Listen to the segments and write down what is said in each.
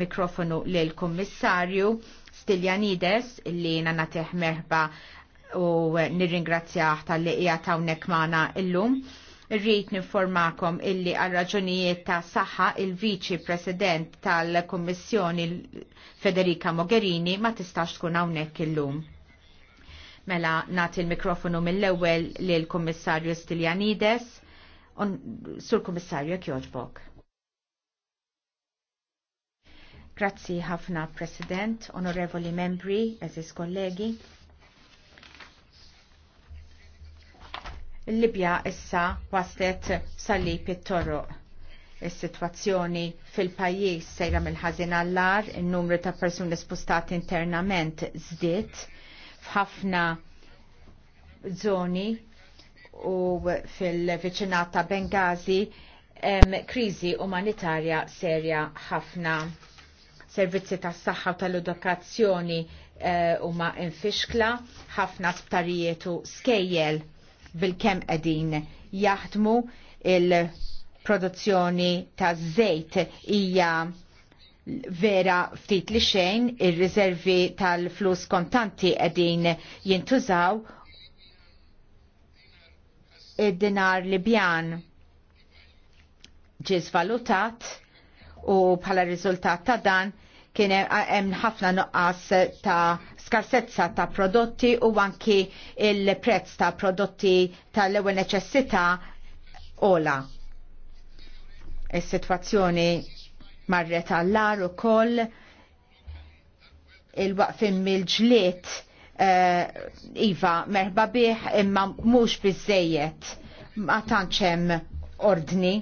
mikrofonu lil kommissarju Stiljanides li nanateħ meħba u nirringrazzjaħ tal-li ta' tawnek magħna illum. Rrid ninformakom illi għal raġunijiet ta' saħħa il-Viċi President tal-Kummissjoni Federica Mogherini ma tistax tkun hawnhekk illum. Mela nagħti il-mikrofonu mill-ewwel lil Kummissarju Stiljanides. Sur Kummissarju jekk jogħġbok. Grazzi ħafna President, onorevoli membri, eżis kollegi. Il-Libja issa waslet sali pittorru is-sitwazzjoni fil-pajjiż sejra mill-ħażin allar, lar in-numru ta' persuni spostati internament żdied f'ħafna zoni u fil viċinata ta' Bengazi kriżi umanitarja serja ħafna servizzi tas saħħa u tal-edukazzjoni eh, huma uh, infixkla, ħafna sptarijiet u skejjel bil-kem qegħdin jaħdmu il-produzzjoni ta' żejt hija vera ftit li xejn ir-riservi tal-flus kontanti qegħdin jintużaw id-dinar Libjan ġiż valutat u bħala riżultat ta' dan kien hemm ħafna nuqqas ta' skarsezza ta' prodotti u anki il-prezz ta' prodotti tal-ewwel neċessità ola. Is-sitwazzjoni marret għallar ukoll il-waqfim mill-ġliet uh, eh, Iva merħba bih imma mhux biżejjed ma tantx hemm ordni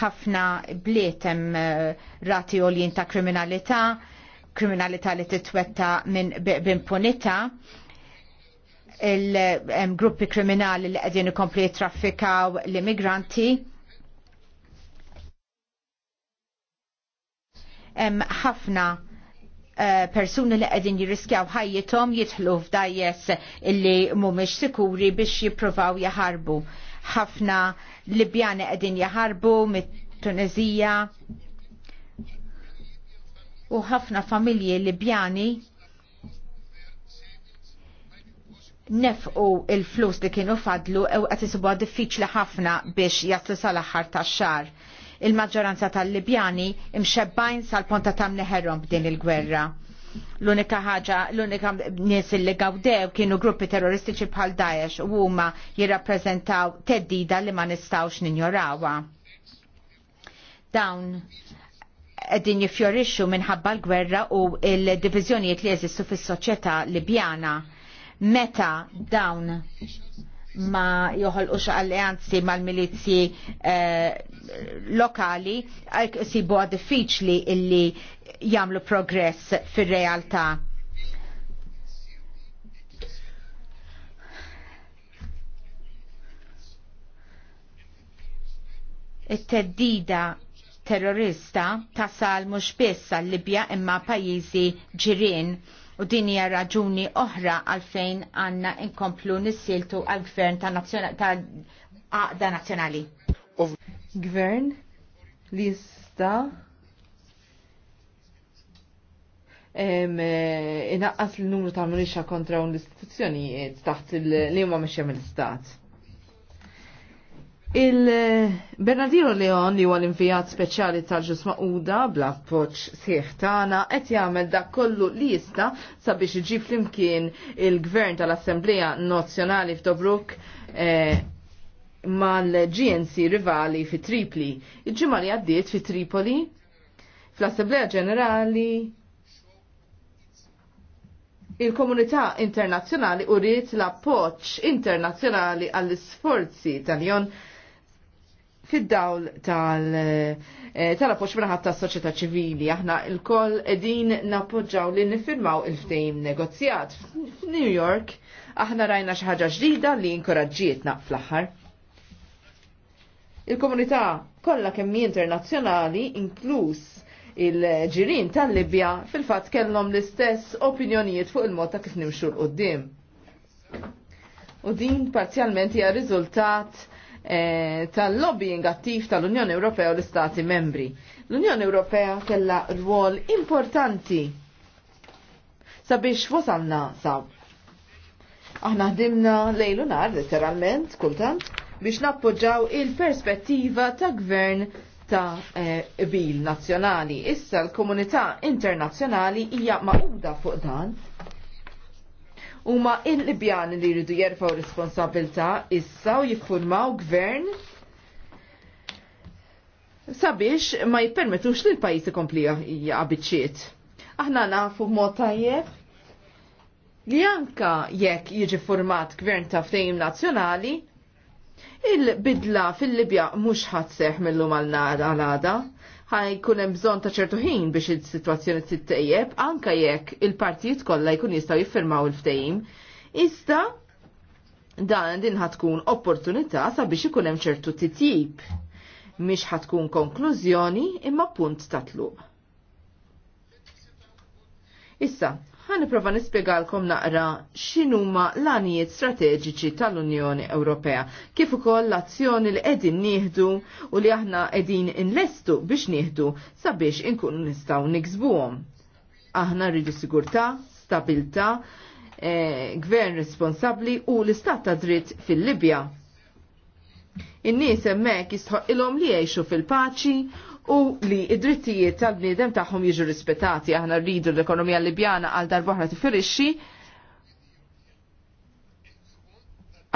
ħafna bliet hemm eh, rati għoljin ta' kriminalità, kriminalità li titwetta minn b'impunità il-gruppi kriminali li qegħdin ikompli jitraffikaw l-immigranti. Hemm ħafna eh, persuni li qegħdin jirriskjaw ħajjithom jidħlu f'dajjes illi mhumiex sikuri biex jippruvaw jaħarbu. Ħafna Libjani qegħdin jaħarbu mit-Tunezija u ħafna familji Libjani nefqu il-flus li kienu fadlu u qed isibuha diffiċli ħafna biex jaslu sal-aħħar tax-xar. Il-maġġoranza tal-Libjani imxebbajn sal-ponta tam b'din il-gwerra L-unika ħaġa, l-unika nies li gawdew kienu gruppi terroristiċi bħal Daesh u huma jirrappreżentaw teddida li ma nistawx ninjorawha. Dawn qegħdin jiffjorixxu minħabba l-gwerra u l-diviżjonijiet li jeżistu fis-soċjetà Libjana. Meta dawn ma joħolqux alleanzi mal-milizji eh, għalk si sibu diffiċli illi jamlu progress fil-realtà. it-teddida terrorista tasal mhux biss għal Libja imma pajjiżi ġirien U din hija raġuni oħra għalfejn għandna inkomplu nissiltu għall gvern ta' għaqda nazzjonali. Gvern li jista' eh, inaqqas l-numru ta' munisha kontra l-istituzzjonijiet taħt l-imma mexxem l-istat. Il-Bernardino Leon li huwa l-invijat speċjali tal-ġus maquda bla appoċ sieħ tagħna qed jagħmel dak kollu li jista' sabiex iġi flimkien il-Gvern tal-Assembleja Nazzjonali f'Tobruk eh, mal-GNC rivali fi Tripli. iġ li għaddiet fi Tripoli fl-Assembleja Ġenerali il-komunità internazzjonali u rrit l-appoċ internazzjonali għall-sforzi tal-jon fid-dawl eh, tal-appoċ minnaħat ta' soċieta ċivili. Aħna il-koll edin napoġġaw li nifirmaw il ftehim negozjat. F'New York aħna rajna xaħġa ġdida li inkoraġġietna fl-aħħar. Il-komunità kollha kemmi internazzjonali inkluż il-ġirin tal-Libja fil-fatt kellhom l-istess opinjonijiet fuq il-mod ta' kif nimxu l U din parzjalment hija riżultat Eh, tal-lobbying attiv tal-Unjoni Ewropea u l-Istati membri. L-Unjoni Ewropea kella rwol importanti sabiex wasalna sab. Aħna ħdimna lejlu nar, letteralment, kultant, biex nappoġġaw il-perspettiva ta' gvern ta' eh, bil nazzjonali. Issa l-komunità internazzjonali hija maquda fuq dan huma il-Libjan li jridu jerfaw responsabilta issa u jiffurmaw gvern sabiex ma jippermetux li l-pajis ikompli jaqbiċċiet. Aħna nafu mod tajjeb li anka jekk jiġi format gvern ta' ftejim nazzjonali, il-bidla fil-Libja mhux ħadseħ mill-lum għal-għada għaj hemm bżonn ta' ċertu ħin biex is-sitwazzjoni tittejjeb anke jekk il-partijiet kollha jkun jistgħu jiffirmaw il-ftehim. Iżda dan din ħatkun opportunità sabiex ikun hemm ċertu titjib mhix ħatkun konklużjoni imma punt ta' tluq. Issa, ħaniprofa nispiegalkom naqra x'inhuma l-għanijiet strateġiċi tal-Unjoni Ewropea, kif ukoll l-azzjoni li qegħdin nieħdu u li aħna qegħdin inlestu biex nieħdu sabiex inkunu nistgħu niksbuhom. Aħna rridu sigurtà, stabilità, eh, gvern responsabbli u l-istat ta' dritt fil-Libja. In-nies hemmhekk jistħoq ilhom li jgħixu fil-paċi u li id-drittijiet tal-bniedem tagħhom jiġu rispettati. Aħna rridu l-ekonomija Libjana għal darbohra tifirixxi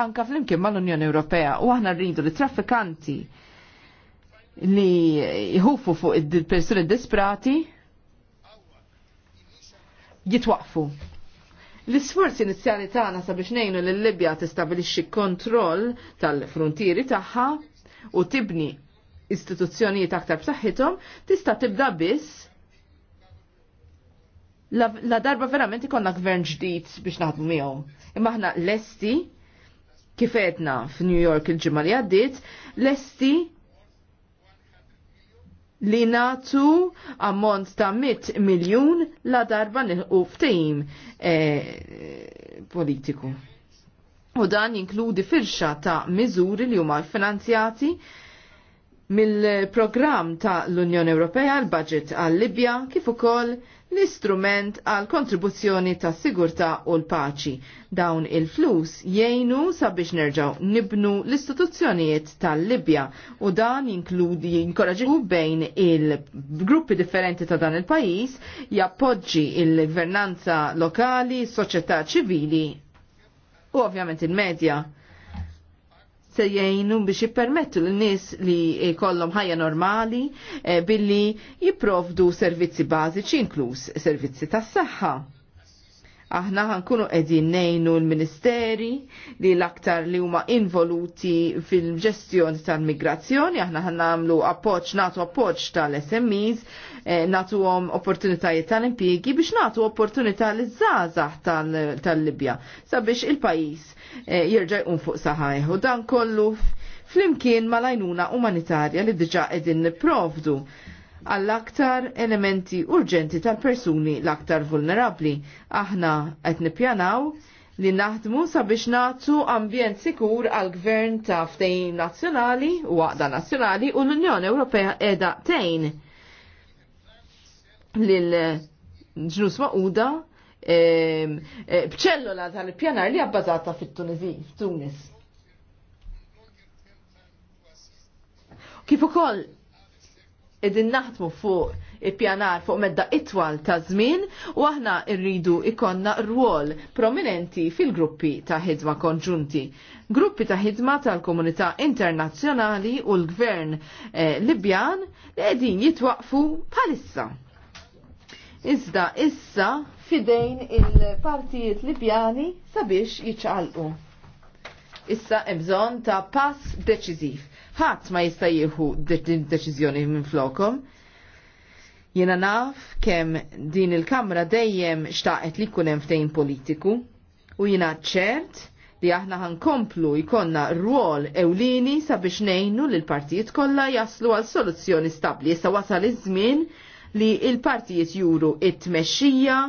anka flimkien mal-Unjoni Ewropea u aħna rridu li traffikanti li jħufu fuq id-persuni disprati jitwaqfu. L-isforzi inizjali tagħna sabiex ngħinu l libja tistabilixxi kontroll tal-frontieri tagħha u tibni istituzzjonijiet aktar b'saħħithom tista' tibda biss la, la darba verament ikonna gvern ġdid biex naħdmu miegħu. Imma aħna lesti kifetna f'New York il-ġimgħa li għaddiet, lesti li natu ammont ta' 100 miljun la darba nilqu f'tejm e, eh, politiku. U dan jinkludi firxa ta' miżuri li huma finanzjati mill-programm ta' l-Unjoni Ewropea għal budget għal Libja kif ukoll l-istrument għal kontribuzzjoni ta' sigurta u l-paċi. Dawn il-flus jgħinu sabiex nerġaw nibnu l-istituzzjonijiet tal-Libja u dan jinkludi jinkoraġiħu bejn il-gruppi differenti ta' dan il-pajis jappoġġi il-gvernanza lokali, soċjetà ċivili u ovvjament il-medja se jgħinu biex jippermettu l-nies li kollom ħajja normali eh, billi jipprovdu servizzi bażiċi inkluż servizzi tas-saħħa. Aħna ħankunu qegħdin nejnu l-Ministeri li l-aktar li huma involuti fil-ġestjoni tal-migrazzjoni, aħna għamlu appoġġ nagħtu appoġġ tal-SMEs, eh, nagħtuhom opportunitajiet tal-impjiegi biex nagħtu opportunità li żgħażagħ tal-Libja -tal sabiex il-pajjiż eh, jerġa' jqum fuq saħajħu. dan kollu flimkien mal-għajnuna umanitarja li diġa qegħdin nipprovdu għall-aktar elementi urġenti tal-persuni l-aktar vulnerabli. Aħna qed nippjanaw li naħdmu sabiex nagħtu ambjent sikur għall gvern ta' ftejn nazzjonali u għaqda nazzjonali u l-Unjoni Ewropea qiegħda tejn lil ġnus maquda e, e, bċellola tal-pjanar li għabbażata fit-Tunizi, f'Tunis. Kif ukoll id-din naħdmu fuq il-pjanar fuq medda itwal ta' żmien u aħna rridu ikonna rwol prominenti fil-gruppi ta' ħidma konġunti. Gruppi ta' ħidma tal-komunità internazzjonali u l-gvern eh, Libjan li edin jitwaqfu palissa. Iżda issa fidejn il-partijiet Libjani sabiex jiċċalqu. Issa ebżon ta' pass deċiżiv ħadd ma jista' jieħu din deċiżjoni minn flokom. Jiena naf kemm din il-Kamra dejjem xtaqet li jkun hemm ftehim politiku u jiena ċert li aħna ħankomplu jkonna rwol ewlini sabiex nejnu li l-partijiet kollha jaslu għal soluzzjoni stabli. Issa wasal iż-żmien li l-partijiet juru it-tmexxija,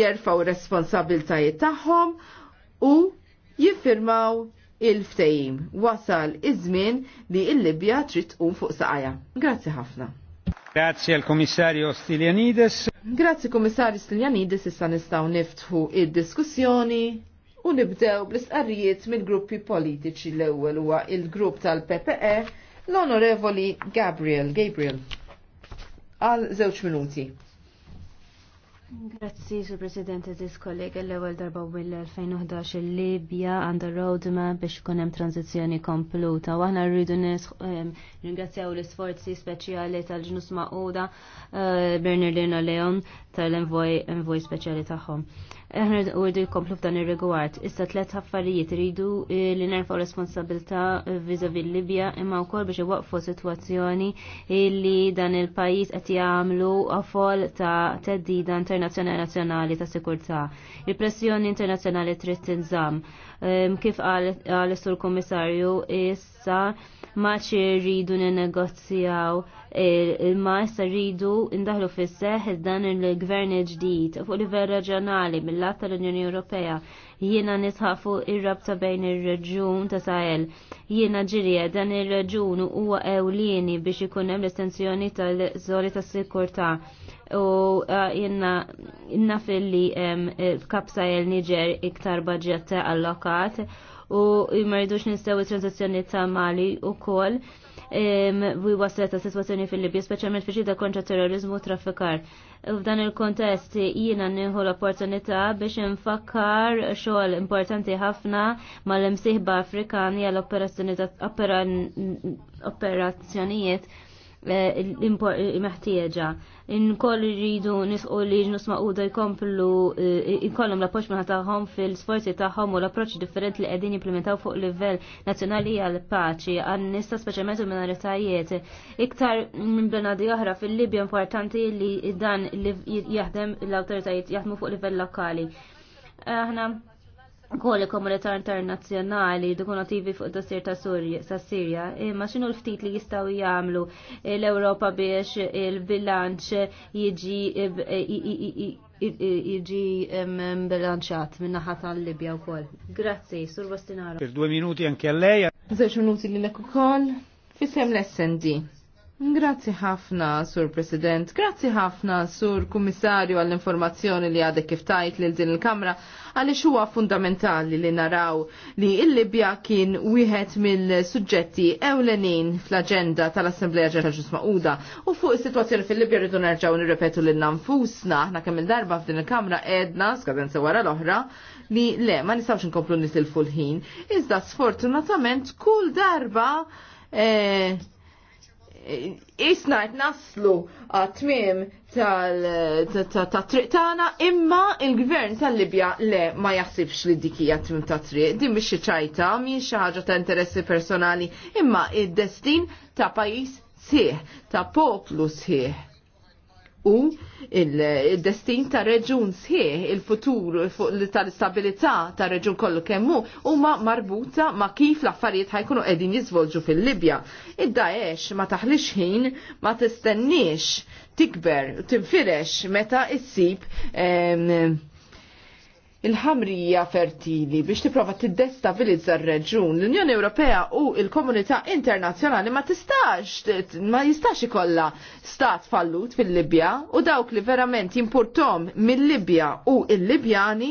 jerfaw responsabiltajiet tagħhom u jiffirmaw il-ftejim. Wasal iż-żmien li l-Libja trid tqum fuq saqajja. Grazzi ħafna. Grazie al commissario Stiljanides. Grazie commissario Stiljanides, issa nistgħu niftħu id-diskussjoni u nibdew bl-istqarrijiet mill-gruppi politiċi l-ewwel huwa il-grupp tal-PPE l-Onorevoli Gabriel Gabriel għal żewġ minuti. Grazzi, Sur President, eżis kollega l-ewel darba u mill-2011 il-Libja għanda roadmap biex kunem tranzizjoni kompluta. U għahna rridu ringrazzjaw l-sforzi speċjali tal-ġnus maquda eh, Bernardino Leon tal-envoj speċjali tagħhom. Eħna u rridu jkomplu f'dan ir-rigward. Issa tliet ħaffarijiet iridu eh, li nerfgħu responsabilità eh, viżavi Libja imma wkoll biex iwaqfu sitwazzjoni li dan il-pajjiż qed jagħmlu afol ta' teddida internazzjonali nazzjonali ta' sikurtà. Il-pressjoni internazzjonali trid tinżamm. Ehm, kif qal is-Sur Kummissarju issa maċi rridu ninnegozjaw imma issa rridu indaħlu fis-seħ dan il-gvern ġdid fuq livell reġjonali mill-lat tal-Unjoni Ewropea jiena nisħafu ir-rabta bejn ir-reġjun ta' Sahel. Jiena ġiri dan ir-reġjun huwa ewlieni biex ikun hemm l-estensjoni tal-żoli tas-sikurtà. U uh, jiena naf li f'Kap Sahel Niger iktar bħġetta allokat u jmerdux nistew it ta' Mali u koll u waslet ta' situazzjoni fil-Libja, speċjalment fi ġida kontra terrorizmu u traffikar. F'dan il-kontest jiena nieħu l-opportunità biex nfakkar xogħol importanti ħafna mal-imsieħba Afrikani għal operazzjonijiet l-meħtieġa eh, inkoll rridu nisqu li nisma' uda jkomplu jkollhom eh, l-appoġġ minħata tagħhom fil-sforzi tagħhom u l-approċċ differenti li qegħdin jimplementaw fuq livell nazzjonali għal paċi għan nista speċjalment minoritajiet Iktar minn blenadi oħra fil-Libja importanti li dan jaħdem l-awtoritajiet jaħdmu fuq livell lokali. Aħna kol komunità internazzjonali attivi fuq dossier ta' Sirja, imma xinu l-ftit li jistaw jagħmlu l-Ewropa biex il-bilanċ jiġi jiġi bilanċat minn naħa tal-Libja wkoll. Grazzi, Sur Bastinaro. Per due minuti anke a lei. Zewġ minuti li l ukoll. Fisem l-SND. Grazzi ħafna, Sur President. Grazzi ħafna, Sur Kummissarju, għall-informazzjoni li għadek kif tajt lil din il-Kamra, għaliex huwa fundamentali li naraw li il-Libja kien wieħed mill-suġġetti ewlenin fl-aġenda tal-Assembleja Ġenerali Ġus Maquda u fuq is-sitwazzjoni fil-Libja rridu nerġgħu nirrepetu lil nanfusna aħna kemm il-darba f'din il-Kamra edna skadenza wara l-oħra li le ma nistgħux inkomplu nisil fulħin, ħin Iżda sfortunatament kull darba eh, Isnajt naslu għat-tmiem tal-triq tagħna imma il-gvern tal-Libja le ma jaħsibx li dik għatmim tmiem ta' triq, din biex xi ċajta, mhix xi ħaġa ta' interessi personali, imma id-destin ta' pajjiż sieħ, ta' poplu sieħ u il-destin ta' reġun sħieħ, il-futur tal-istabilità ta' reġun kollu kemmu, huma marbuta ma' kif l-affarijiet ħajkunu qegħdin jiżvolġu fil-Libja. Id-Daesh ma taħlix ħin ma tistenniex tikber, tinfirex meta issib il-ħamrija fertili biex tipprova tiddestabilizza r-reġun. L-Unjoni Ewropea u l-Komunità Internazzjonali ma tistax ma jistax ikollha stat fallut fil-Libja u dawk li verament jimportom mill-Libja u l-Libjani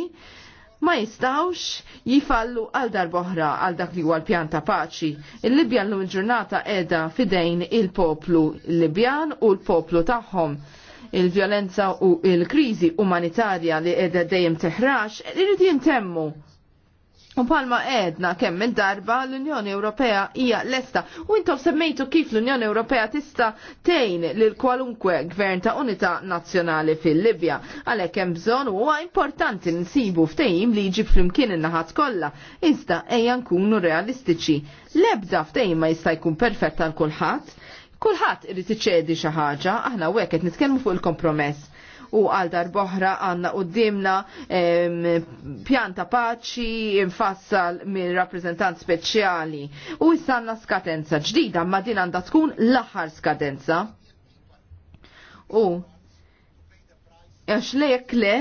ma jistawx jifallu għal darboħra għal dak li huwa l-pjan ta' paċi. Il-Libja l-lum ġurnata edha fidejn il-poplu Libjan u l-poplu tagħhom il-violenza u il-krizi umanitarja li edha dejjem teħrax, irrid jintemmu. U palma edna kemm il-darba l-Unjoni Ewropea hija lesta. U intom semmejtu kif l-Unjoni Ewropea tista' tgħin lil kwalunkwe gvern ta' unità nazzjonali fil-Libja. Għalhekk hemm bżonn huwa importanti nsibu ftehim li jġib flimkien in-naħat kollha. Iżda ejja nkunu realistiċi. L-ebda ftehim ma jista' jkun perfett għal kulħadd, Kulħadd irid iċedi xi ħaġa, aħna hekk qed nitkellmu fuq il-kompromess u għal boħra għanna u dimna pjanta paċi infassal minn rappresentant speċjali. U jissanna skadenza ġdida, ma din għanda tkun l-aħħar skadenza. U għax lek le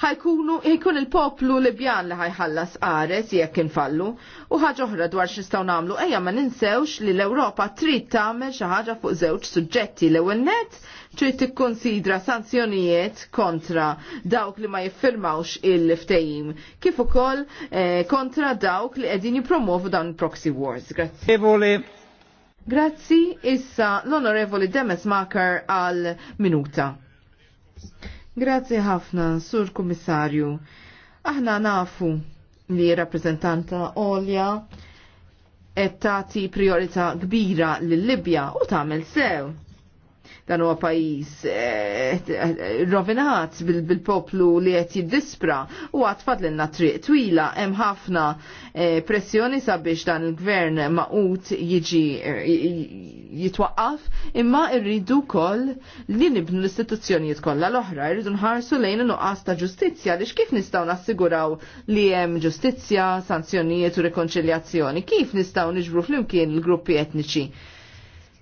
ħajkunu jkun il-poplu Libjan li ħajħallas qares jekk infallu u ħaġa oħra dwar nistgħu nagħmlu ejja ma ninsewx li l-Ewropa trid tagħmel xi ħaġa fuq żewġ suġġetti l-ewwel nett trid tikkonsidra sanzjonijiet kontra dawk li ma jiffirmawx il-ftehim kif ukoll eh, kontra dawk li qegħdin jippromovu dawn il-proxy wars. Grazie. Grazzi, issa l-Onorevoli Demes Maker għal minuta. Grazzi ħafna, Sur Kummissarju. Aħna nafu li rappresentanta Olja qed tagħti priorità kbira lil Libja u tagħmel sew dan huwa pajjiż eh, rovinat bil-poplu li qed jiddispra u għad l triq twila hemm ħafna eh, pressjoni sabiex dan il-gvern maqut jiġi eh, jitwaqqaf imma rridu wkoll li nibnu l-istituzzjonijiet kollha l-oħra rridu nħarsu lejn nuqqas ta' ġustizzja li kif nistgħu nassiguraw li hemm ġustizzja, sanzjonijiet u rekonċiljazzjoni, kif nistgħu niġbru flimkien il-gruppi etniċi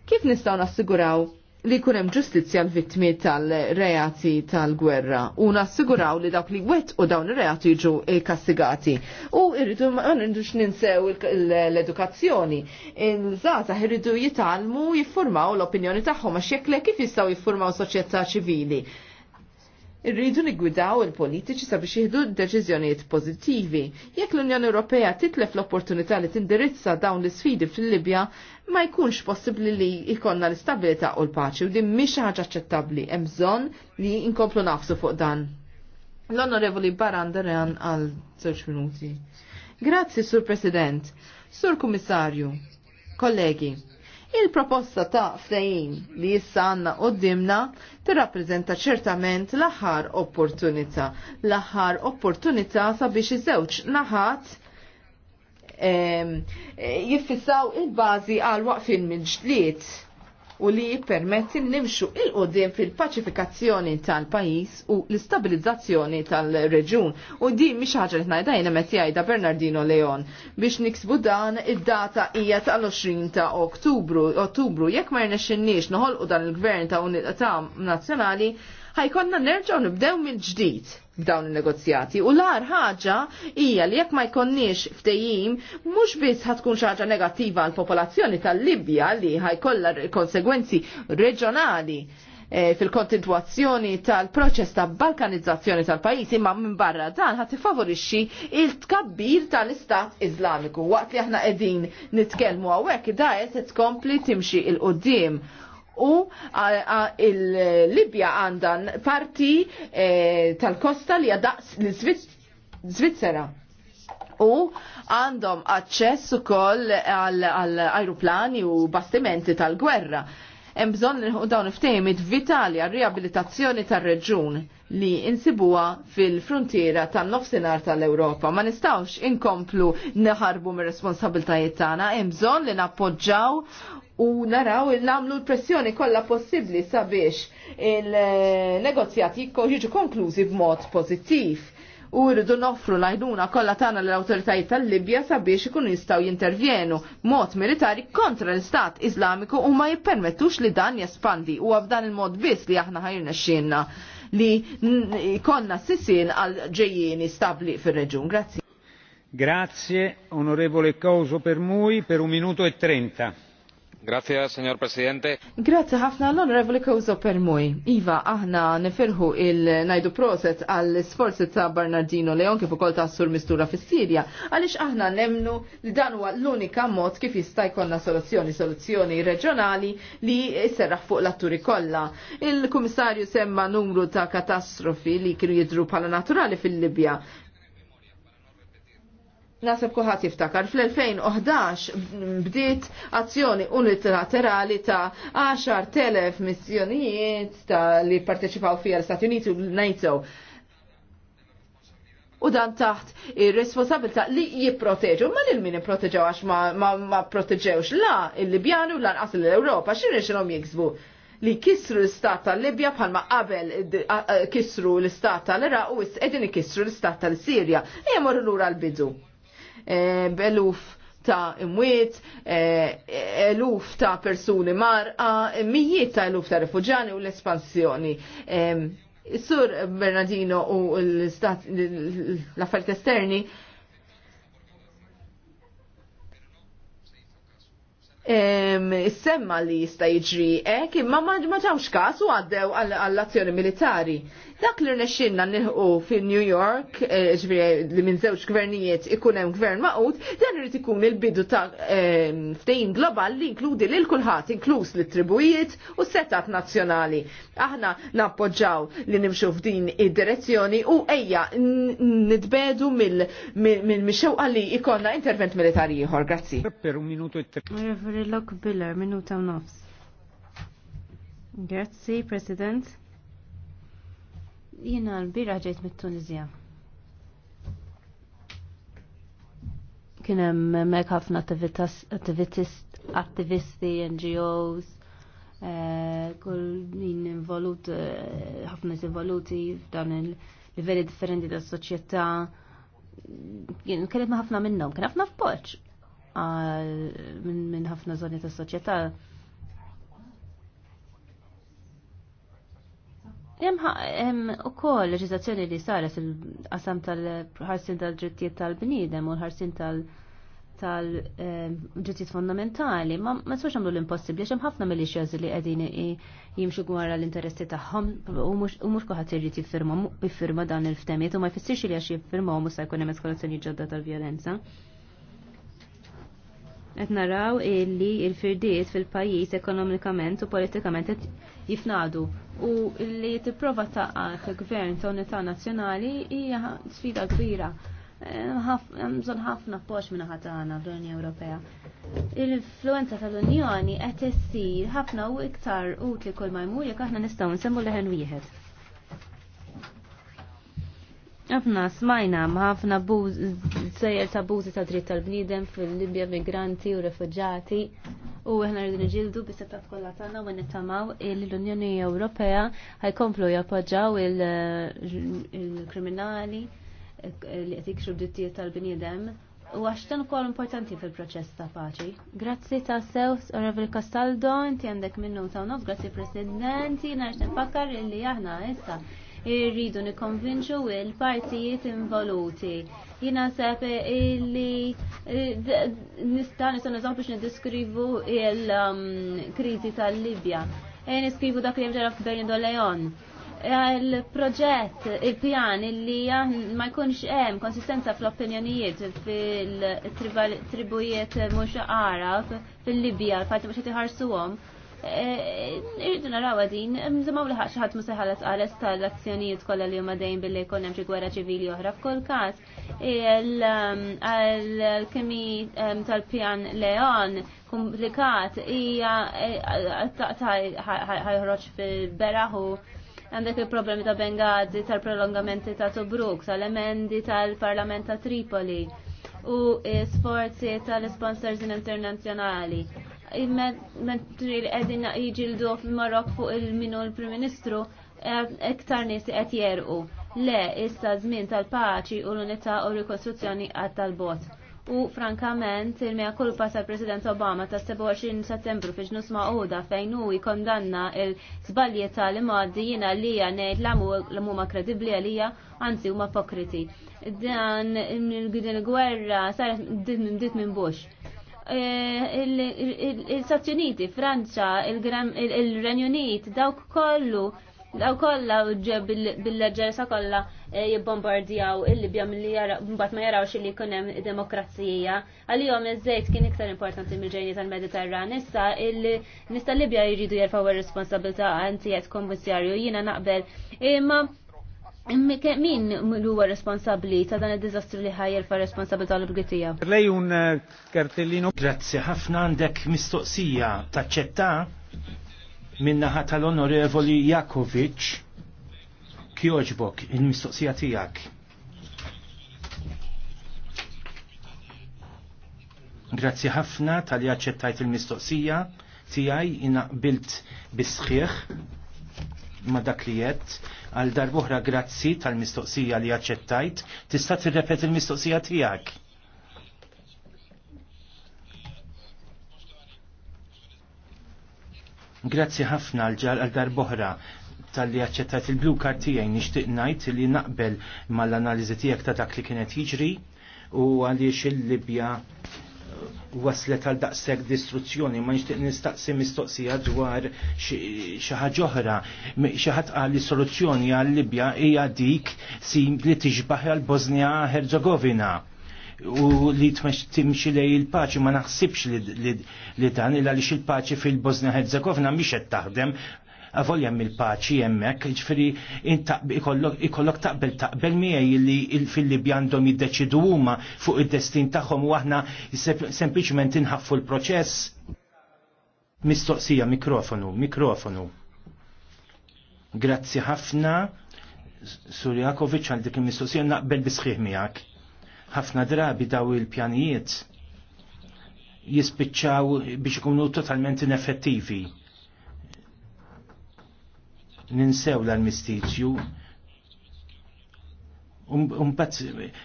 kif nistgħu nassiguraw li kunem ġustizja l-vittmi tal-reati tal-gwerra u nassiguraw li dawk li wet u dawn il-reati ġu kastigati. U irridu għandux ninsew l-edukazzjoni. Il-żaza irridu jitalmu jiffurmaw l-opinjoni tagħhom għax jekk kif jistgħu jiffurmaw soċjetà ċivili irridu nigwidaw il-politiċi sabiex jieħdu deċiżjonijiet pożittivi. Jekk l-Unjoni Ewropea titlef l-opportunità li tindirizza dawn l-isfidi fil-Libja, ma jkunx possibbli li jkollna l-istabilità u l-paċi u din mhix ħaġa aċċettabbli hemm bżonn li nkomplu nafsu fuq dan. L-Onorevoli Barandaran għal żewġ minuti. Grazzi, Sur President, Sur Kummissarju, kollegi Il-proposta ta' fejn li jissa għanna u tirrappreżenta ċertament l-aħħar opportunità. L-aħħar opportunità sabiex iż-żewġ naħat jiffissaw il-bażi għal waqfin mill-ġlied u li jippermetti nimxu il-qoddim fil-paċifikazzjoni tal-pajis u l-istabilizzazzjoni tal-reġun. U di mhix ħaġa li ngħidha jiena meta jgħidha Bernardino Leon biex niksbu dan id-data hija tal-20 ta' Oktubru. Ottubru jekk ma rnexxinniex noħolqu dan il-gvern ta' unità nazzjonali ħajkonna nerġgħu nibdew mill-ġdid f'dawn il-negozjati. U l-ar ħaġa hija li jekk ma jkonniex ftejim, mhux biss ħatkun xi ħaġa negattiva għall popolazzjoni tal-Libja li ħajkollha konsegwenzi reġjonali eh, fil kontinuazzjoni tal-proċess ta' balkanizzazzjoni tal-pajis imma minn barra dan ħat favorixxi il-tkabbir tal-Istat Iżlamiku. Waqt li aħna qegħdin nitkellmu hawnhekk da qed tkompli timxi il-qudiem u il-Libja għandan parti eh, tal-kosta li għadaqs l-Svizzera u għandhom aċċess ukoll għal ajruplani u bastimenti tal-gwerra. Hemm bżonn dawn iftehimit vitali għal riabilitazzjoni tar-reġun li insibuha fil-frontiera tan-nofsinhar tal-Ewropa. Ma nistawx inkomplu neħarbu mir-responsabiltajiet tagħna, hemm bżonn li nappoġġaw u naraw il-namlu l-pressjoni kollha possibbli sabiex il-negozjati jiġu konklużi b'mod pozittiv u rridu noffru l-għajnuna kollha tagħna l-awtoritajiet tal-Libja sabiex ikunu jistgħu jintervjenu mod militari kontra l-Istat Islamiku u ma jippermettux li dan jespandi u f'dan il-mod biss li aħna ħajrna xienna li konna sissin għal ġejjini stabli fir-reġun. Grazzi. Grazie, onorevole Coso per Mui, per un minuto e trenta. Grazie, signor Presidente. Grazie ħafna l-Onorevoli per mui. Iva, aħna nifirħu il-najdu proset għall sforzi ta' Bernardino Leon kif ukoll ta' Sur Mistura fis-Sirja, għaliex aħna nemnu li dan huwa l-unika mod kif jista' jkollna soluzzjoni, soluzzjoni reġjonali li jserraħ fuq l-atturi kollha. Il-Kummissarju semma numru ta' katastrofi li kienu jidru bħala naturali fil-Libja Nasib kuħat jiftakar, fl-2011 bdiet azzjoni unilaterali ta' 10.000 missjonijiet ta' li parteċipaw fija l-Stati Uniti u l-NATO. U dan taħt ir-responsabilta li jipproteġu, ma lil min jipproteġew għax ma, ma, ma proteġewx la il-Libjani u lanqas l-Ewropa, xirri xilom jiksbu li kisru l-istat tal-Libja bħalma qabel eh, kisru l-istat tal-Iraq u qegħdin ikissru l-istat tal-Sirja. Ejja morru lura l-bidu Eh, beluf ta' imwiet, eh, eluf ta' persuni marqa, eh, mijiet ta' eluf ta' rifugjani u l-espansjoni. Sur Bernardino u l-affarijiet esterni semma li jista' jiġri hekk imma ma tawx każ u għaddew għall-azzjoni militari. Dak li rnexxinna nilħu fin New York, eh, ġifieri li minn żewġ gvernijiet ikun hemm gvern maqud, dan irid ikun il-bidu ta' ehm, ftehim global li inkludi lil kulħadd, inkluż li tribujiet u setat nazzjonali. Aħna nappoġġaw li nimxu f'din id-direzzjoni u ejja nitbedu mill-mixewqa li ikonna intervent militari ieħor. Grazzi. Per un minuto e tre. Biller, minuta u nofs. Grazzi, President. Jina l-bira ġejt mit-Tunizja. Kien hemm hemmhekk ħafna attivisti, NGOs, eh, kull min involut, eh, ħafna involuti f'dan il-livelli differenti tas soċjetà Kien kellet ma ħafna minnhom, kien ħafna f'poċ minn ħafna zoni tas soċjetà Hemm ukoll leġiżlazzjoni li saret il-qasam tal-ħarsin tal-ġrittijiet tal-bniedem u l-ħarsin tal- tal-ġittijiet ehm, fondamentali, ma s tsox għamlu l-impossibli, jem ħafna mill li għedin jimxu għara l-interessi tagħhom u mhux kuħat jirrit jiffirma dan il-ftemiet u ma jfissirx li għax jiffirma u musa jkun hemm eskolazzjoni ġodda tal-vjolenza qed naraw illi il-firdiet fil-pajjiż ekonomikament u politikament qed jifnadu u li tipprova taqgħod il-gvern ta' unità nazzjonali hija sfida kbira. Bżonn ħafna poċ minna ħadd tagħna fl-Unjoni Ewropea. Il-influenza tal-Unjoni qed issir ħafna u iktar utli kull ma jmur jekk aħna nistgħu nsemmu leħen wieħed. Għafna smajna ħafna sejjer ta' buzi ta' dritt tal-bniedem fil-Libja migranti u refugġati u għahna rridu nġildu bis-setat kollha tagħna u nittamaw l-Unjoni Ewropea ħajkomplu jappoġġaw il-kriminali li qed jiksru drittijiet tal-bniedem u għax dan ukoll importanti fil-proċess ta' paċi. Grazzi ta' sew Orevel Castaldo, inti għandek minnu ta' nof, grazzi Presidenti, jiena nfakkar illi aħna issa irridu nikonvinċu il-partijiet involuti. Jina sepp illi eh, nista' nistgħu nżamm biex nidiskrivu il-kriżi um, tal-Libja. E niskrivu dak li hemm ġara Leon. Il-proġett, il-pjan illi ma jkunx hemm konsistenza fl-opinjonijiet fil-tribujiet mhux Arab fil-Libja, l-parti biex qed iħarsuhom Eh, irridu narawa din, mżamaw li ħaxħat museħalat għalas tal-azzjonijiet kolla li huma dejjem billi jkun hemm xi gwerra ċivili oħra f'kull każ. Um, Għal-kemi um, tal-pjan Leon komplikat hija eh, ħajħroġ fil-beraħu għandek il-problemi ta' Bengazi, tal-prolongamenti ta' Tobruk, tal-emendi tal-Parlament ta' Tripoli u sforzi tal-sponsors internazzjonali. Mentri li għedin jġildu fil-Marok fuq il-minu l-Prim Ministru, iktar e, nis qed jerqu. Le, issa żmien tal-paċi u l-unità u rikostruzzjoni għad tal-bot u frankament il-mea kulpa tal President Obama ta' 27 settembru fi ġnus ma'uda fejn u jikondanna il-zbalji li maddi jina li janejd l-amu ma' kredibli għalija għanzi u ma' pokriti. Dan il-gwerra saret dit minn bux. Eh, Il-Stati Uniti, Franċa, il-Renju Unit, dawk kollu Daw kollha bil-leġersa kollha eh, jibbombardjaw il-Libja milli mbagħad ma jarawx li jkun hemm demokrazija. Għalihom iż-żejt kien iktar importanti mill-ġejni tal-Mediterran. Issa nista' Libja jridu jerfgħu ir-responsabilità anti qed kommissarju jiena naqbel. Imma Min huwa responsabli ta' dan id-diżastru li ħajjer fa' responsabilità l-bgitija? Lejun Kartellinu eh, kartellino. Grazzi ħafna għandek mistoqsija taċċetta minnaħa tal-onorevoli Jakovic kjoġbok il-mistoqsija tijak. Grazzi ħafna tal-li għacċettajt il-mistoqsija tijaj inaqbilt bisħiħ ma dak li jett għal darbuħra grazzi tal-mistoqsija li għacċettajt tista' tirrepet il-mistoqsija tijak. Grazzi ħafna għal ġar għal-darboħra tal-li għacċettat il-blu kart tiegħi nixtieq ngħid li naqbel mal-analiżi tiegħek ta' dak li kienet jiġri u għaliex il-Libja waslet għal daqseg distruzzjoni ma nixtieq nistaqsi mistoqsija dwar xi ħaġa oħra. Xi ħadd qal li soluzzjoni għal Libja hija dik sim li tixbaħ għal Bosnia Herzegovina u li timxi lej il-paċi ma naħsibx li dan illa li il-paċi fil-Bosnia Herzegovina miex qed taħdem avolja il paċi jemmek, ġifiri ikollok taqbel taqbel miegħi li fil-Libja għandhom jiddeċidu huma fuq id-destin tagħhom u aħna sempliċement inħaffu l-proċess. Mistoqsija, mikrofonu, mikrofonu. Grazzi ħafna, Surjakovic għal dik il-mistoqsija naqbel bisħiħ miegħek ħafna drabi daw il-pjanijiet jispiċċaw biex ikunu totalment ineffettivi. Ninsew l-armistizju um, Umbat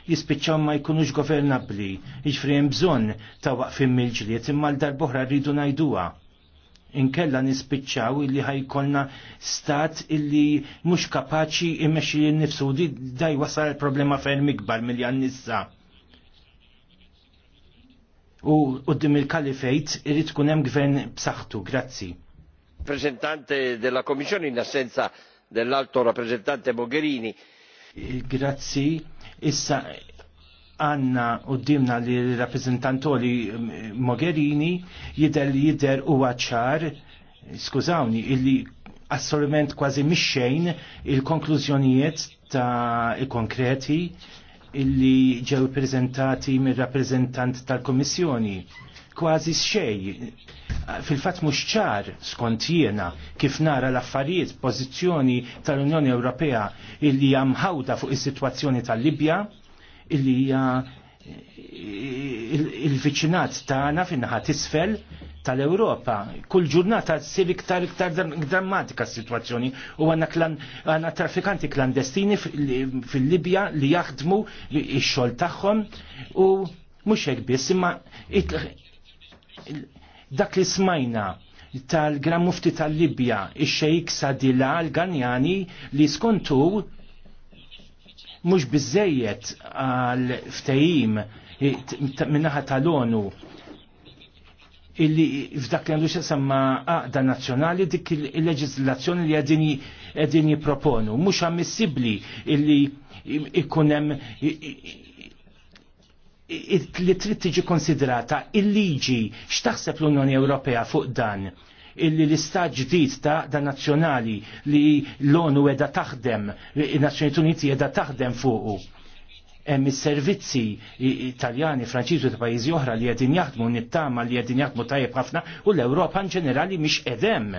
jispiċċaw ma jkunux governabli, iġfri hemm bżonn ta' waqfim mill-ġliet imma l-darbohra rridu ngħiduha inkella nispiċċaw illi ħajkolna stat illi mhux kapaċi immexxi lil nifsu di daj wasal problema fejn mikbar miljan nissa. U qudiem il-kalifejt irid tkun hemm gvern b'saħħtu, grazzi. Rappresentante della Commissione in assenza dell'alto rappresentante Mogherini. Grazzi, issa għanna u dimna li rappresentantoli mm, Mogherini jider li jider u għacċar, skużawni, illi assoriment kważi misċejn il-konklużjonijiet ta' il-konkreti illi ġew prezentati mir rappresentant tal-Komissjoni. Kważi xej. Fil-fatt mhux ċar skont jiena kif nara l-affarijiet pożizzjoni tal-Unjoni Ewropea illi hija fuq is-sitwazzjoni tal-Libja illi hija il-viċinat tagħna fin-naħa tisfel tal-Ewropa. Kull ġurnata tsir iktar iktar drammatika s-sitwazzjoni u għandna traffikanti klandestini fil-Libja li jaħdmu ix-xogħol tagħhom u mhux hekk biss imma dak li smajna tal-Gran Mufti tal-Libja, ix-Xejk Sadila l-Ganjani li skontu mhux bizzejiet għal ftehim minnaħa tal-ONU illi f'dak li għandu semma għaqda nazzjonali dik il leġizlazzjoni li għedin jiproponu. Mux ammissibli illi ikunem li trid tiġi konsidrata il-liġi x'taħseb l-Unjoni Ewropea fuq dan illi l-istat ġdid ta' da nazzjonali li l-ONU edha taħdem, il nazzjonijiet Uniti edha taħdem fuqu. Hemm is-servizzi Italjani, Franċiżi ta' pajjiżi oħra li qegħdin jaħdmu nittama li qegħdin jaħdmu tajjeb ħafna u l-Ewropa ġenerali mhix qedem.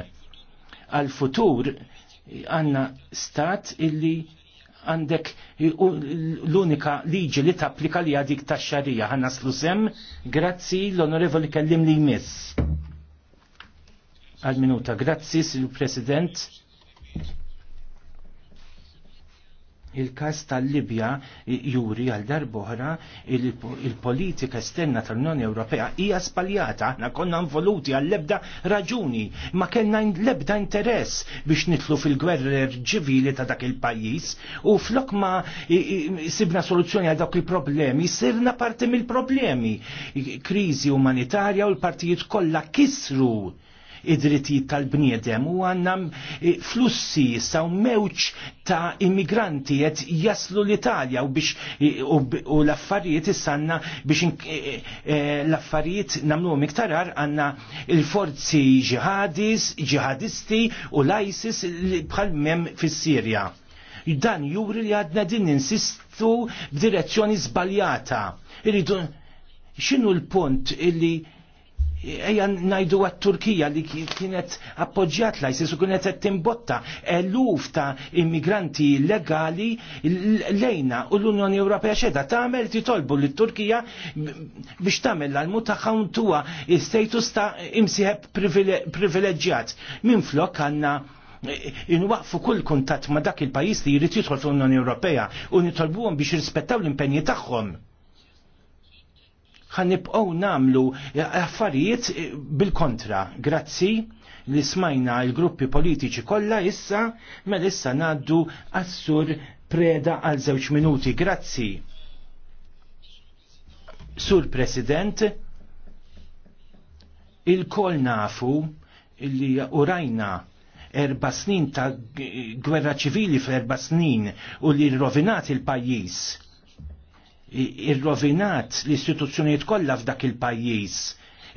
Għal-futur għandna stat illi għandek l-unika liġi li tapplika li għadik ta' xarija. Għanna slusem, grazzi l-onorevoli kellim li jmiss għal minuta. Grazzi, sil President. Il-kas tal-Libja juri għal darboħra il-politika esterna tal-Unjoni Ewropea hija spaljata, na konna involuti għal lebda raġuni, ma kellna lebda interess biex nitlu fil gwerre ġivili ta' dak il-pajjiż u flok ma sibna soluzzjoni għal dak il-problemi, sirna parti mill-problemi. Kriżi umanitarja u l-partijiet kollha kisru id-drittijiet tal-bniedem u għanna e, flussi saw mewċ ta' immigranti qed jaslu l-Italja u biex e, u l-affarijiet issanna biex e, l-affarijiet namluhom iktar għanna il-forzi ġihadis, ġihadisti u l-ISIS bħal mem fis-Sirja dan juri li għadna din insistu b'direzzjoni zbaljata. Irridu, xinu l-punt illi eja najdu għat Turkija li kienet appoġġjat la jisisu kienet qed timbotta eluf ta' immigranti legali lejna u l-Unjoni Ewropea xedha tagħmel titolbu li Turkija biex tagħmel l-almu tagħha tuwa status ta' imsiħeb privileġġjat. Min flok għandna eh, inwaqfu kull kuntatt ma' dak il-pajis li jrid jidħol fl-Unjoni Ewropea u nitolbuhom biex jirrispettaw l-impenji tagħhom ħanibqgħu namlu eh, affarijiet eh, bil-kontra. Grazzi li smajna il-gruppi politiċi kollha issa, mela issa ngħaddu assur preda għal żewġ minuti. Grazzi. Sur President, il-kol nafu li urajna erba snin ta' gwerra ċivili fl erba snin u li rovinat il-pajis irrovinat l-istituzzjonijiet kollha f'dak il-pajjiż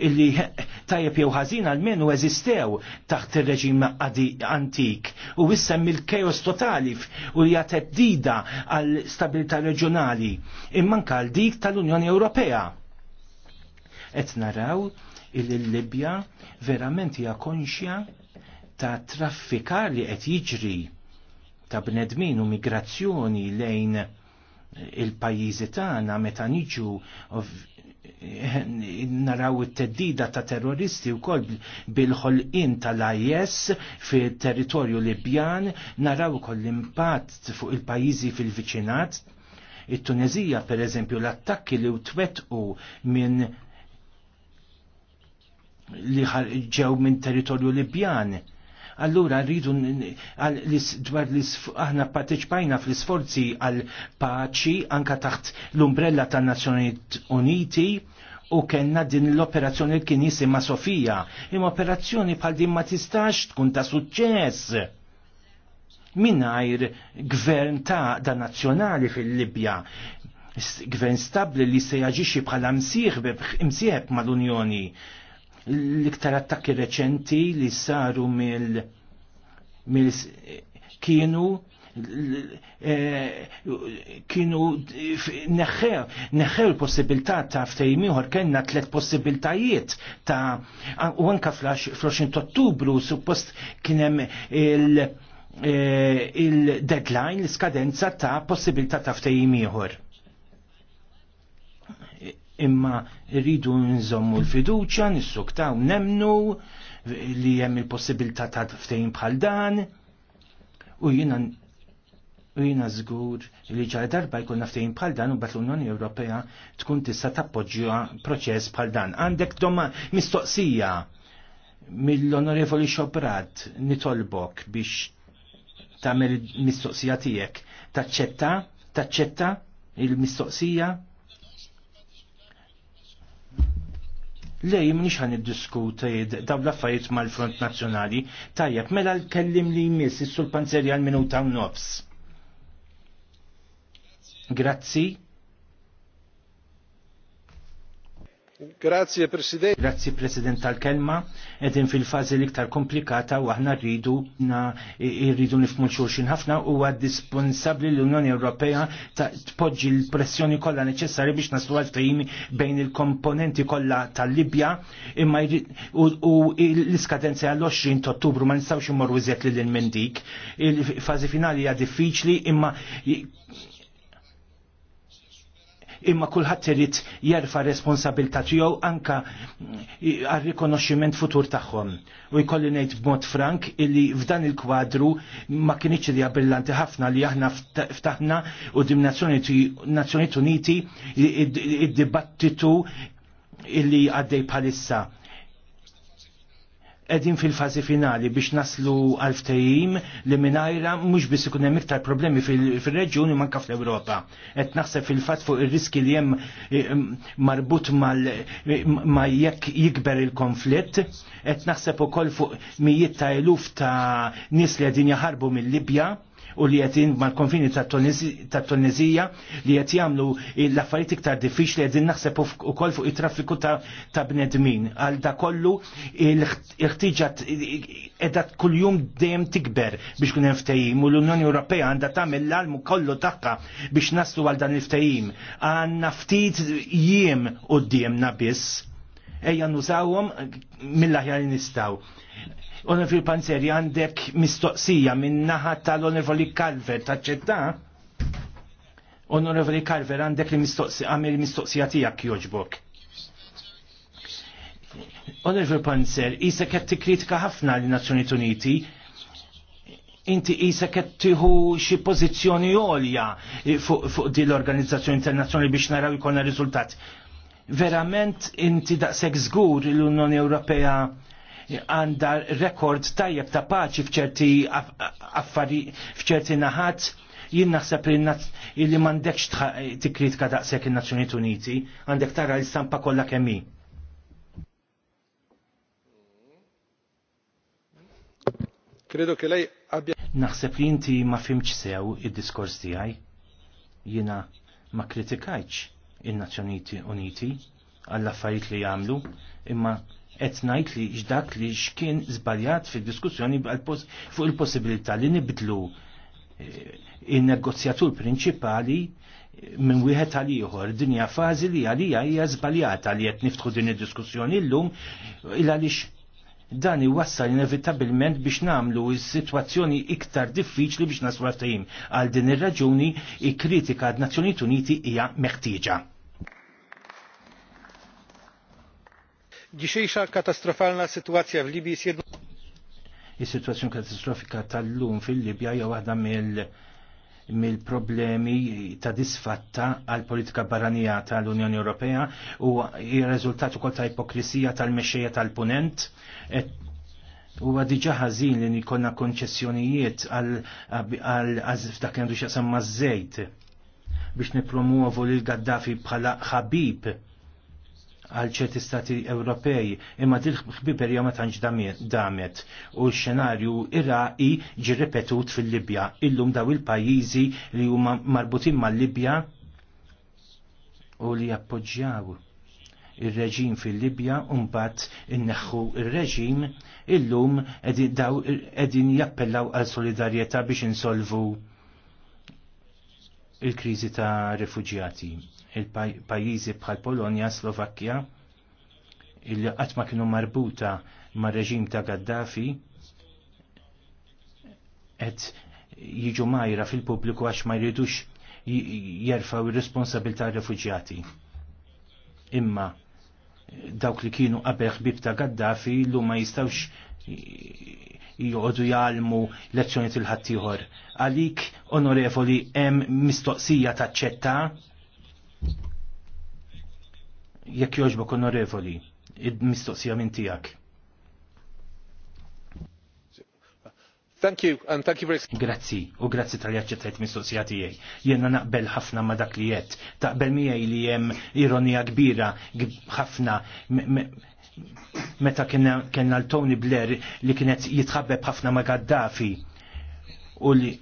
illi tajjeb jew ħażin u eżistew taħt ir-reġim antik u issa mill-kejos totali u li teddida għal stabilità reġjonali immanka għal dik tal-Unjoni Ewropea. Qed naraw il-Libja verament hija konxja ta' traffikar li qed jiġri ta' bnedmin u migrazzjoni lejn il-pajjiżi tagħna meta niġu naraw it-teddida ta' terroristi u koll bil-ħolqin tal-IS fi territorju Libjan, naraw koll l-impatt fuq il-pajizi fil-viċinat. It-Tunezija, per eżempju, l-attakki li twetqu minn li ġew minn territorju Libjan Allura rridu dwar li aħna parteċpajna fl-isforzi għal paċi anka taħt l-umbrella ta' Nazzjonijiet Uniti u kellna din l-operazzjoni kien jisimha Sofija. Imma operazzjoni bħal din ma tistax tkun ta' suċċess minnajr gvern ta' da' nazzjonali fil-Libja gvern stabli li se jaġixxi bħala msieħ imsieħ mal-Unjoni l-iktar attakki reċenti li saru mill mil kienu eh, kienu neħħew neħħew l-possibilità ta' ftejmiħor kellna tliet possibiltajiet ta' u anka fl-20 ottubru suppost kien hemm eh, il-deadline l-skadenza ta' possibilità ta' ftejmiħor imma rridu nżommu l-fiduċa, nissuktaw nemnu li hemm il-possibilità ta' ftejn bħal dan u jiena u jina żgur li ġar darba jkun naftejn bħal dan u bat l-Unjoni Ewropea tkun tista' tappoġġja proċess bħal dan. Għandek doma mistoqsija mill-Onorevoli Xobrat nitolbok biex tagħmel mistoqsija tiegħek. Taċċetta? Taċċetta il-mistoqsija? Lej, mniex ħan id-diskuti daw l-affarijiet mal-Front Nazzjonali. Tajjeb, mela l-kellim li jmiss sul panzerja l-minuta u nofs. Grazzi. Grazie President. President tal-kelma, edin fil-fazi liktar komplikata u aħna rridu na rridu nifmu xurxin ħafna u għad disponsabli l-Unjoni Ewropea ta' tpoġġi l-pressjoni kollha neċessari biex naslu għal fejmi bejn il-komponenti kollha tal-Libja imma u l-iskadenza għall-20 ta' Ottubru ma nistgħux immorru iżjed lil min Il-fażi finali hija diffiċli imma imma kulħadd irid jerfa' responsabilità tiegħu anka mm, għar-rikonoxximent futur tagħhom. U jkolli ngħid b'mod frank illi f'dan il-kwadru ma kinitx idea brillanti ħafna li aħna ftaħna u dim Nazzjonijiet Uniti id-dibattitu illi għaddej bħalissa edin fil-fazi finali biex naslu għal ftehim li minajra mhux biss ikun hemm iktar problemi fil-reġjuni fil manka fl-Ewropa. Qed naħseb fil-fatt fuq ir-riski li hemm eh, marbut mal eh, ma jekk jikber il-konflitt, qed naħseb ukoll fuq mijiet ta' eluf ta' nies li qegħdin jaħarbu mill-Libja u li qed mal-konfini tat-Tunizija li qed jagħmlu l-affarijiet iktar diffiċli qegħdin naħseb ukoll fuq it-traffiku ta' bnedmin. Għal da kollu il-ħtiġa qiegħda kuljum dejjem tikber biex kun hemm ftehim u l-Unjoni Ewropea għandha tagħmel l-almu kollu tagħha biex naslu għal dan il-ftehim. Għandna ftit jiem qudiemna biss ejja nużawhom mill-aħjar nistaw. Onorevoli Panzeri għandek mistoqsija minn naħa tal-Onorevoli Calver taċċetta? Onorevoli Calver għandek li mistoqsija għamil mistoqsija tijak joġbok. Onorevoli Panzer, jisa kett kritika ħafna li Nazzjoni Uniti inti isa qed tieħu xi pożizzjoni għolja fuq fu din l-Organizzazzjoni Internazzjonali biex naraw jkollna riżultat. Verament inti daqshekk żgur l-Unjoni Ewropea għandha rekord tajjeb ta' paċi f'ċerti affari f'ċerti naħat jien naħseb li m'għandekx tikkritika daqshekk in-Nazzjonijiet Uniti, għandek tara l-istampa kollha kemm hi. Credo che lei abbia Naħseb li inti ma fimx sew id-diskors tiegħi. Jiena ma kritikajċ in-Nazzjonijiet Uniti għall affarijiet li jagħmlu, imma qed li x'dak li x'kien żbaljat fid-diskussjoni fuq il-possibilità li nibdlu eh, il-negozjatur prinċipali eh, minn wieħed għal ieħor. Dinja fażi li għalija hija żbaljata li qed niftħu din id-diskussjoni llum il għaliex dan iwassal inevitabilment biex namlu s sitwazzjoni iktar diffiċli biex naslu għal din ir-raġuni il kritika għad Nazzjonijiet Uniti hija meħtieġa. dzisiejsza katastrofalna sytuacja w Libii jest jedną Is-sitwazzjoni katastrofika tal-lum fil-Libja hija waħda mill problemi ta' disfatta għal politika barranija tal-Unjoni Ewropea u r-reżultat ukoll ta' ipokrisija tal-mexxejja tal-punent U diġà ħażin li nikonna konċessjonijiet għal dak li għandu xaqsam maż-żejt biex nipromuovu lil Gaddafi bħala ħabib għal ċerti stati Ewropej, imma dil ħbiberja ma tantx damet u x-xenarju Iraqi ġi ripetut fil-Libja. Illum daw il-pajjiżi li huma marbutin mal-Libja u li appoġġjaw ir reġim fil-Libja mbagħad inneħħu ir reġim illum qegħdin jappellaw għal solidarjetà biex insolvu il kriżi ta' rifuġjati il pajizi bħal Polonja, Slovakkja, illi qatt ma kienu marbuta ma' reġim ta' Gaddafi, qed jiġu majra fil-pubbliku għax ma jridux jerfaw ir-responsabilità refugjati. Imma dawk li kienu qabel ħbib ta' Gaddafi lu ma jistawx jgħodu jgħalmu lezzjoni til-ħattijħor. Għalik, onorevoli, em mistoqsija taċċetta Jekk jogħġbok onorevoli, id-mistoqsija minn tiegħek. Thank you and thank you very much. Grazzi, u grazzi tal jaċċettajt mistoqsija tiegħi. Jena naqbel ħafna ma dak li jett. Taqbel miegħi li hemm ironija kbira ħafna meta kena l-Tony Blair li kienet jitħabbeb ħafna ma' Gaddafi u li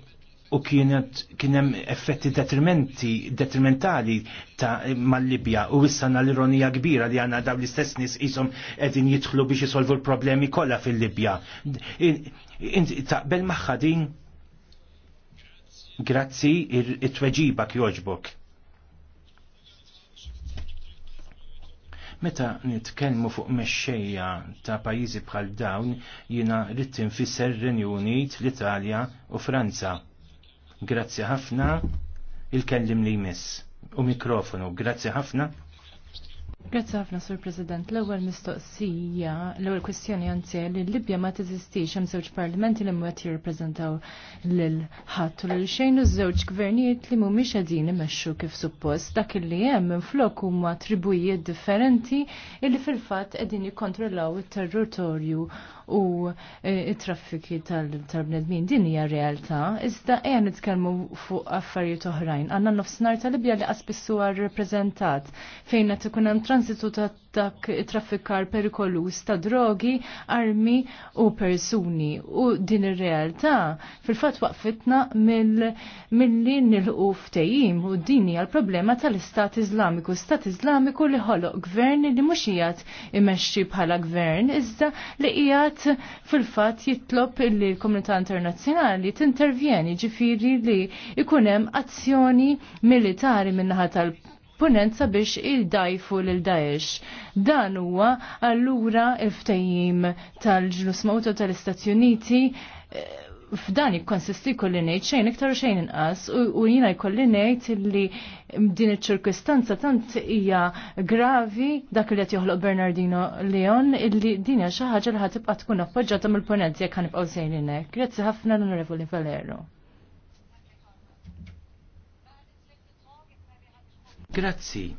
u kienet kienem effetti detrimenti, detrimentali ta' mal-Libja u issa l ironija kbira li għanna daw l-istess nis jisom edin jitħlu biex jisolvu l-problemi kollha fil-Libja. Taqbel bel din grazzi it-tweġiba joġbok. Meta nitkellmu fuq mexxejja ta' pajjiżi bħal dawn jiena rrid tinfisser Renju Unit, l-Italja u Franza Grazzi ħafna il-kellim li jmiss u mikrofonu. Grazzi ħafna. Grazie ħafna, Sur President. L-ewwel mistoqsija, l-ewwel kwestjoni għanzi li Libja ma teżistix hemm żewġ parlamenti li mwet jirreprezentaw lil ħattu u xejnu xejn u żewġ gvernijiet li mhumiex qegħdin imexxu kif suppost. Dak li flok minflok huma tribujiet differenti illi fil-fatt qegħdin jikkontrollaw it-territorju u e, il traffiki tal-bnedmin. Din hija realtà, iżda qiegħ nitkellmu fuq affarijiet oħrajn. Għandna nofsinhar tal-Libja li qasbissu għar reprezentat fejn qed ikun hemm transitu ta' dak traffikar perikolus ta' drogi, armi u persuni. U din ir-realtà fil-fatt waqfitna mill-li nilqu ftejim u din hija l-problema tal-Istat Iżlamiku. Stat Iżlamiku li ħoloq gvern li mhux qiegħed imexxi bħala gvern iżda li qiegħed fil-fatt jitlob li l-komunità internazzjonali tintervjeni ġifieri li ikun hemm azzjoni militari minnaħa tal ponent sabiex il-dajfu l-Daesh. Dan huwa allura il-ftajim tal-ġlus mawta tal-Istati Uniti eh, f'dan ikkonsisti kolli ngħid xejn iktar xejn inqas u jiena jkolli ngħid li din iċ-ċirkustanza tant hija gravi dak li qed joħloq Bernardino Leon illi din hija xi ħaġa li ħatibqa' tkun appoġġjata mill-ponenti jekk ħanibqgħu sejrin hekk. Grazzi ħafna l-Onorevoli Valero. Grazzi.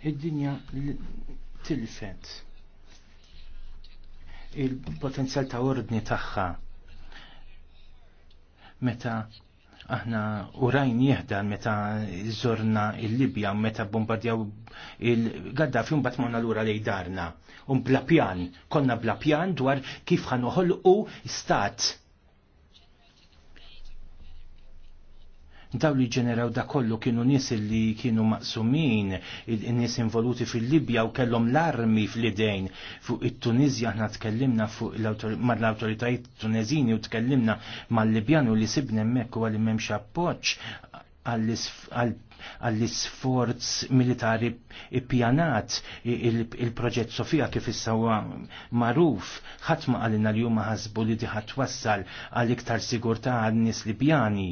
Id-dinja tilfet il-potenzjal ta' ordni tagħha meta aħna urajn jihdan meta zorna il-Libja meta bombardjaw il-Gaddafi un batmona l-ura lej darna. Un bla pjan, konna bla pjan dwar kif u stat daw li ġeneraw da kollu kienu nis li kienu maqsumin, nies involuti fil-Libja u kellhom l-armi fl-idejn fuq it-Tunizja aħna tkellimna fuq l awtoritajiet tunezini u tkellimna mal u li sibne mekk u għalli m'hemmx appoġġ għall-isforz militari pjanat il-proġett Sofija kif issawa maruf ħatma għalina l jumma ħasbu li diħat wassal għal iktar sigurta għal-nis Libjani.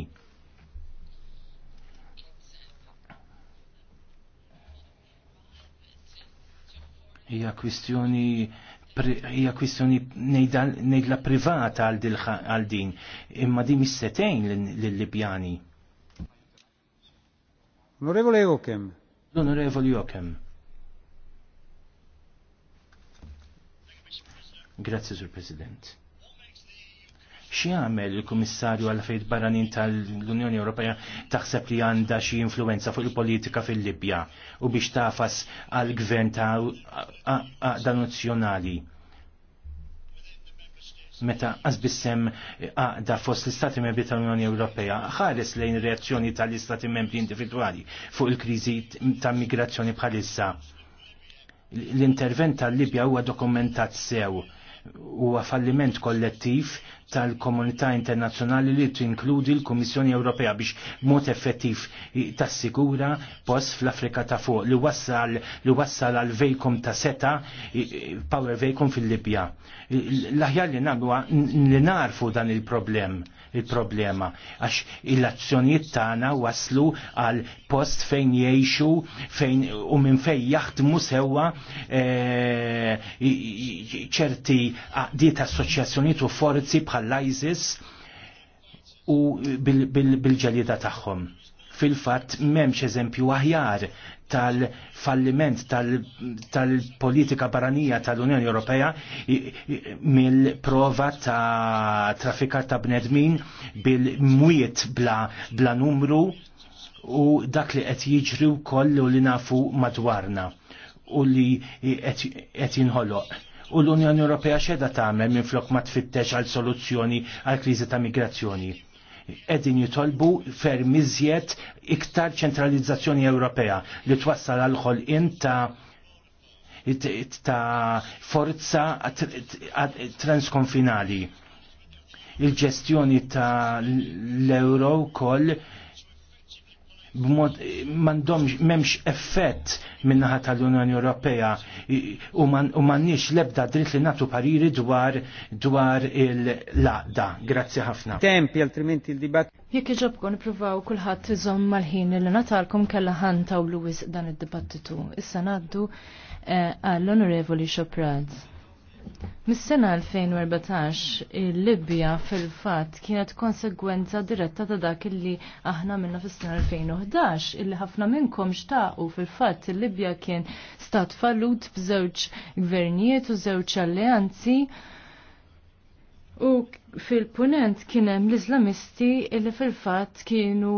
hija kwistjoni hija kwistjoni ngħidla privata għal din imma din mis-setejn lill-Libjani. Onorevole Jokem. Onorevole Jokem. Grazie, Sur President xie għamel il-Kummissarju għal fejt barranin tal-Unjoni Ewropea taħseb li għandha xi influenza fuq il-politika fil-Libja u biex tafas għal gvern ta' għaqda nazzjonali. Meta għazbissem għada fost l-Istati Membri tal-Unjoni Ewropea ħares lejn reazzjoni tal-Istati Membri individwali fuq il-kriżi ta' migrazzjoni bħalissa. L-intervent tal-Libja huwa dokumentat sew huwa falliment kollettiv tal-komunità internazzjonali li tinkludi l-Kummissjoni Ewropea biex mod effettiv tas-sigura post fl-Afrika ta' fuq li wassal li wassal għal vejkom ta' seta power vejkom fil-Libja. L-aħjar li nagwa li narfu dan il-problem il-problema. Għax il-azzjonijiet tagħna waslu għal post fejn jgħixu fejn u minn fejn jaħdmu sewwa eh, ċerti għaqdiet assoċjazzjonijiet u forzi bħal ISIS u bil ġalieda tagħhom fil-fatt memx eżempju aħjar tal-falliment tal-politika barranija tal-Unjoni Ewropea mill-prova ta' trafika ta' bnedmin bil-mwiet bla, bla numru u dak li qed jiġri wkoll u li nafu madwarna u li qed jinħoloq. U l-Unjoni Ewropea xeda tagħmel minflok ma tfittex għal soluzzjoni għal kriżi ta' migrazzjoni edin jitolbu ferm iżjed iktar ċentralizzazzjoni Ewropea li twassal għal inta ta' forza transkonfinali il-ġestjoni ta' l-euro kol b'mod m'għandhomx m'hemmx effett min-naħa tal-Unjoni Ewropea u m'għandniex l-ebda dritt li nagħtu pariri dwar dwar il-laqda. Grazzi ħafna. Tempi altrimenti il-dibatt. Jekk iġobkom nippruvaw kulħadd iżomm mal-ħin li natalkom kellha ħantaw Lewis dan id-dibattitu. Issa ngħaddu eh, għall-Onorevoli Xoprad. Mis-sena 2014 il-Libja fil-fat kienet konsegwenza diretta ta' dak illi aħna minna fis-sena 2011 illi ħafna minnkom xtaqu fil-fat il-Libja kien stat fallut b'żewġ gvernijiet u żewġ alleanzi U fil-punent kienem l-Islamisti illi fil-fat kienu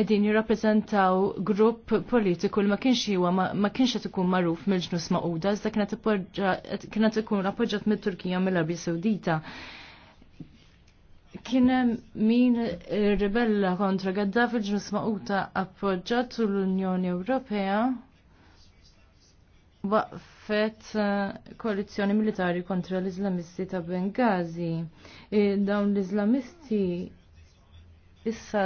edin jirrappreżentaw grupp politiku li ma kienx jiwa ma kienx qed ikun magħruf mill-ġnus maquda, iżda kienet ikun appoġġjat mit-Turkija mill-Arabja Sewdita. Kienem min ribella kontra Gaddafi fil ġnus maquda appoġġjat u l-Unjoni Ewropea waqf fett eh, koalizjoni militari kontra l-Islamisti ta' Benghazi. E, dawn l-Islamisti issa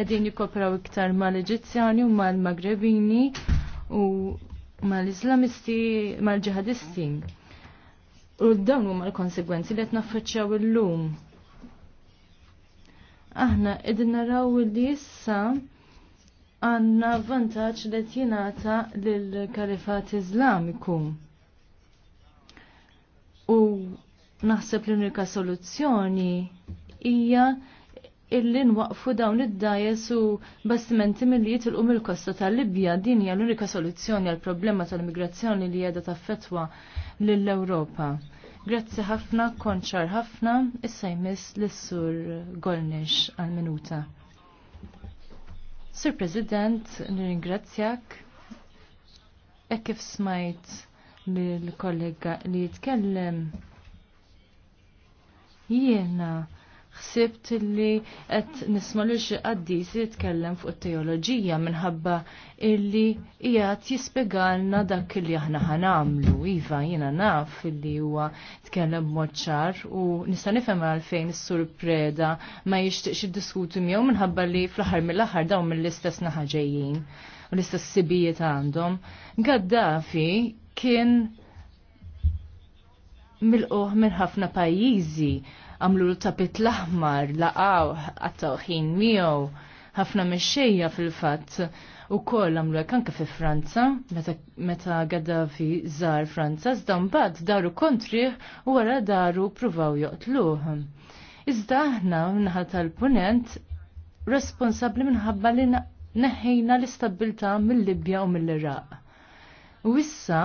edin jikopraw iktar mal-Eġizzjani u mal-Magrebini u mal-Islamisti, mal-ġihadisti. U dawn huma l-konsegwenzi li qed naffaċċjaw illum. Aħna qegħdin naraw li issa għanna vantaċ li tjenata l-kalifat islamiku. U naħseb l-unika soluzzjoni hija illi nwaqfu dawn id-dajes u bastimenti mill-li jitilqu mill-kosta tal-Libja din hija l-unika soluzzjoni għal problema tal-migrazzjoni li qiegħda taffetwa l-Europa. Grazzi ħafna, konċar ħafna, issa jmiss l-sur Golnish għal-minuta. Sir President, nirringrazzjak. E kif smajt lill kollega li jitkellem jiena ħsibt li qed nisma' lil xi jitkellem fuq it-teoloġija minħabba illi jgħat jispjegalna dak li aħna ħanamlu. Iva jiena naf illi huwa tkellem b'mod ċar u nista' nifem għalfejn is surpreda ma ma jixtieqx diskutu miegħu minħabba li fl-aħħar mill-aħħar dawn mill-istess naħa ġejjin u l-istess sibijiet għandhom. Gaddafi kien milquh minn ħafna pajjiżi għamlu l-tapit l-aħmar, laqaw, għattaw ħin miegħu, ħafna mexxejja fil-fatt u koll għamlu għek fi Franza, meta, għadda fi zar Franza, zdan bad daru kontri u għara daru provaw joqtluħ. Iżda aħna minħa tal-punent responsabli minħabba li neħħejna l-istabilta mill-Libja u mill-Iraq. U issa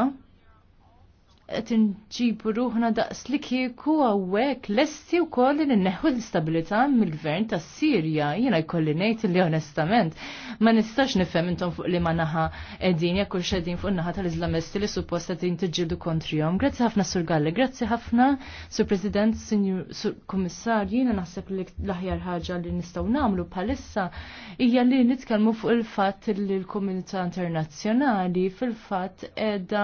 qed inġibu ruħna daqs li kieku hawnhekk lesti wkoll li nneħħu l istabilita mill-gvern tas-Sirja. Jiena jkolli ngħid li onestament ma nistax nifhem intom fuq li ma naħa qegħdin jekk hux qegħdin fuq naħa tal-Iżlamisti li suppost qegħdin kontri kontrihom. Grazzi ħafna Sur Galli, grazzi ħafna Sur President, Sur Komissar, jiena naħseb li l-aħjar ħaġa li nistgħu nagħmlu bħalissa hija li nitkellmu fuq il-fatt li l-komunità internazzjonali fil-fatt qiegħda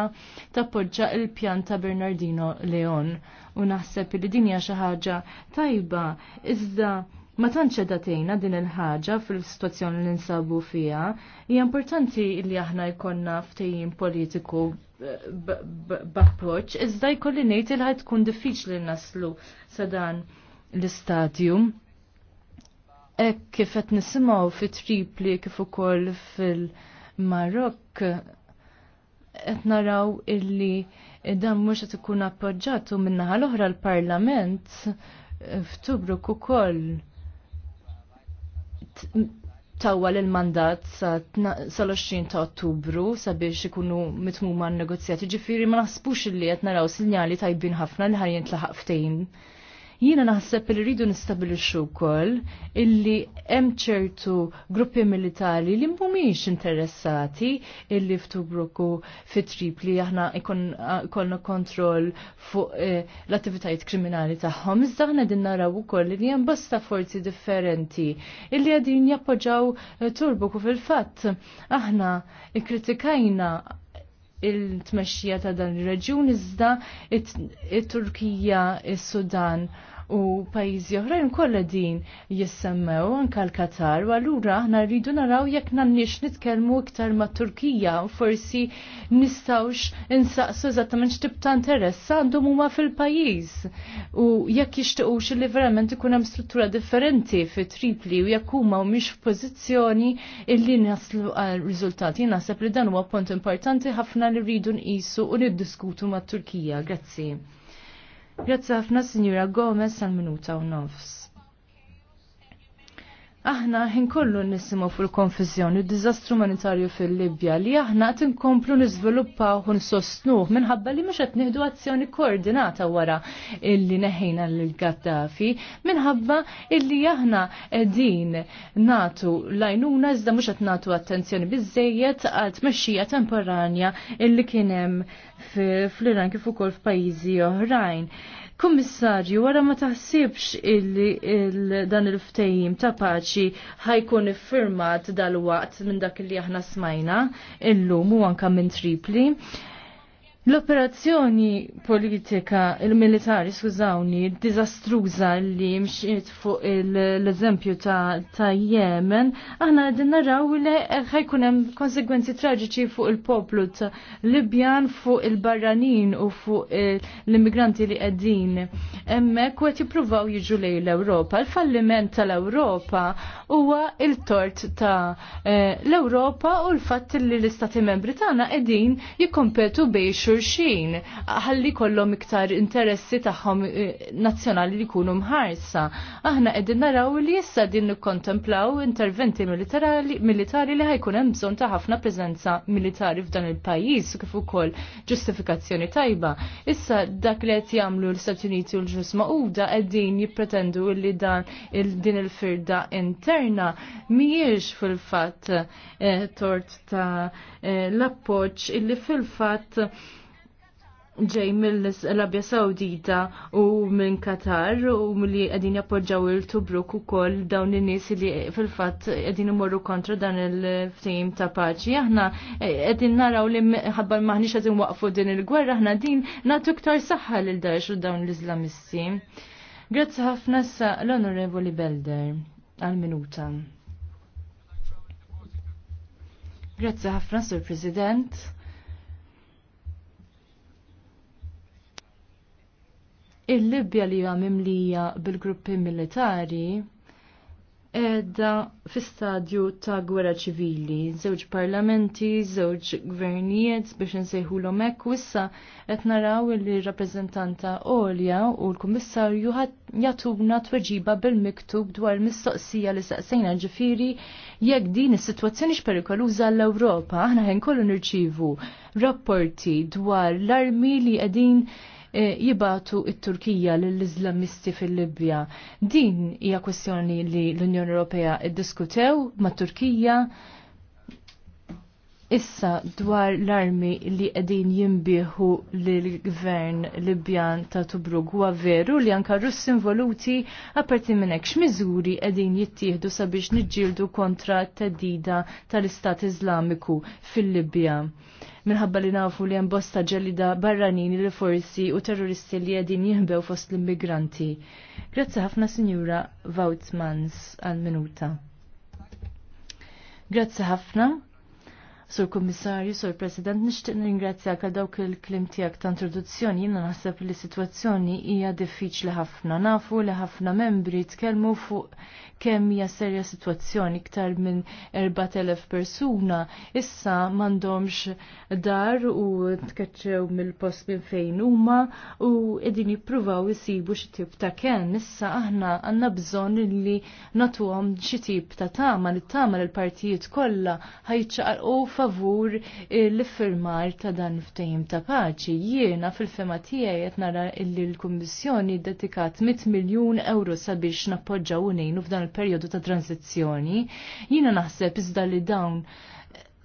tappoġġa il-pjan pjan ta' Bernardino Leon u naħseb li din hija xi ħaġa tajba iżda Ma tantx datejna din il-ħaġa fil sitwazzjoni li nsabu fija, hija importanti li aħna jkollna ftehim politiku b'approċċ, iżda jkolli ngħid il ħad tkun diffiċli naslu sa dan l-istadju. Hekk kif qed nisimgħu fi tripli kif ukoll fil-Marokk qed naraw illi dan mhux qed ikun appoġġat u min-naħa l-oħra l-Parlament eh, f'Tubruk ukoll tawwal il-mandat l 20 ta' Ottubru sabiex ikunu mitmuma n-negozjati ġifieri ma naħsbux li qed naraw sinjali tajbin ħafna li ħajjin tlaħaq ftehim Jiena naħseb li rridu nistabilixxu wkoll illi hemm ċertu gruppi militari li mhumiex interessati illi ftubruku fit tripli aħna ikollna kontroll fuq eh, l-attivitajiet kriminali tagħhom. Iżda aħna din naraw ukoll li hemm bosta forzi differenti illi qegħdin jappoġġaw eh, turbuku fil-fatt. Aħna kritikajna il-tmexxija ta' dan ir-reġjun iżda it-Turkija, is-Sudan. it turkija is sudan it sudan u pajjiżi oħrajn kollha din jissemmew anke l-Katar u allura aħna rridu naraw jekk nannix nitkellmu iktar ma' Turkija u forsi nistgħux insaqsu eżattament x'tib ta' interess għandhom huma fil-pajjiż u jekk jixtiequx li verament ikun hemm struttura differenti fi tripli u jekk huma mhumiex f'pożizzjoni illi naslu għal riżultati. Naħseb li dan huwa punt importanti ħafna li rridu nqisu u niddiskutu mat-Turkija. Grazzi. Grazzi ħafna Sinjura Gomez għal minuta u nofs aħna ħin kollu nisimgħu fuq il-konfessjoni d-diżastru umanitarju fil-Libja li aħna qed inkomplu niżviluppaw u nsostnuh minħabba li mhux qed nieħdu azzjoni koordinata wara illi neħina lil Gaddafi minħabba illi aħna qegħdin natu lajnuna iżda mhux qed nagħtu attenzjoni biżejjed għal tmexxija temporanja illi kien hemm fl-Iran kif ukoll f'pajjiżi oħrajn. Kummissarju, wara ma taħsibx dan il-ftejim ta' paċi ħajkun iffirmat dal-waqt minn dak li aħna smajna illum u anka minn tripli. L-operazzjoni politika, il-militari, skużawni, dizastruża li mxiet fuq l-eżempju ta', ta Yemen, aħna għedin naraw li ħajkun hemm konsegwenzi traġiċi fuq il-poplu ta' Libjan, fuq il-barranin u fuq l-immigranti li qegħdin. Hemmhekk qed jippruvaw jiġu lej l-Ewropa. Il-falliment tal-Ewropa huwa il-tort ta' eh, l-Ewropa u l-fatt li l-Istati Membri tagħna għedin jikkompetu bejxu xulxin ħalli kollom iktar interessi tagħhom eh, nazzjonali li jkunu mħarsa. Aħna qegħdin naraw li issa din nikkontemplaw interventi militari li ħajkun hemm bżonn ta' ħafna preżenza militari f'dan il-pajjiż kif ukoll ġustifikazzjoni tajba. Issa dak li qed jagħmlu l-Stati Uniti u l-Ġus Maquda qegħdin jippretendu li dan din il-firda interna mhijiex fil-fatt eh, tort ta' eh, l-appoġġ illi fil-fatt ġej mill-Arabja Sawdita u minn Qatar u mill-li għedin jappoġġaw il-Tubruk u koll dawn il-nis li fil-fat għedin imorru kontra dan il-ftim ta' paċi. Aħna għedin naraw li ħabbar maħniċ għedin waqfu din il-gwerra, aħna din natu ktar saħħa l-Daesh u dawn l-Islamisti. Grazzi ħafna sa l-Onorevoli Belder għal-minuta. Grazzi ħafna, Sur President. il-Libja li huwa mimlija bil-gruppi militari edda fi stadju ta' gwerra ċivili, żewġ parlamenti, żewġ gvernijiet biex nsejħu l hekk u issa qed naraw li rappreżentanta Olja u l-Kummissarju jagħtuna tweġiba bil-miktub dwar mistoqsija li saqsejna ġifiri jekk din is-sitwazzjoni x'perikoluża l-Ewropa, aħna ħin kollu nirċivu rapporti dwar l-armi li qegħdin E, jibatu il turkija lill-Islamisti fil-Libja. Din hija kwestjoni li l-Unjoni Ewropea diskutew ma' Turkija Issa dwar l-armi li qegħdin jinbieħu lill-gvern Libjan ta' Tobruk huwa veru li anka Russ involuti apparti minn hekk x'miżuri qegħdin jittieħdu sabiex niġġieldu kontra t-tedida tal-Istat Iżlamiku fil-Libja. Minħabba li nafu li hemm bosta ġellida barranini li forsi u terroristi li qegħdin jinbew fost l-immigranti. Grazzi ħafna Sinjura Vautmans għal-minuta. Grazzi ħafna. Sur Kummissarju, Sur President, nixtieq ningrazzjak għal dawk il-klim tiegħek ta' introduzzjoni. Jiena naħseb li situazzjoni sitwazzjoni hija diffiċli ħafna. Nafu li ħafna membri tkellmu fuq kemm hija serja sitwazzjoni iktar minn 4000 persuna issa m'għandhomx dar u tkeċċew mill-post minn fejn huma u qegħdin jippruvaw isibu xi tip ta' kemm. Issa aħna għandna bżonn li nagħtuhom xi tip ta' tama li tama l-partijiet kollha ħajċaqalqu favur eh, l-firmar ta' dan ftehim ta' paċi. Jiena fil-fema tiegħi qed nara li l-Kummissjoni dedikat 100 miljun euro sabiex nappoġġaw unejnu f'dan il-perjodu ta' tranzizzjoni. Jiena naħseb iżda li dawn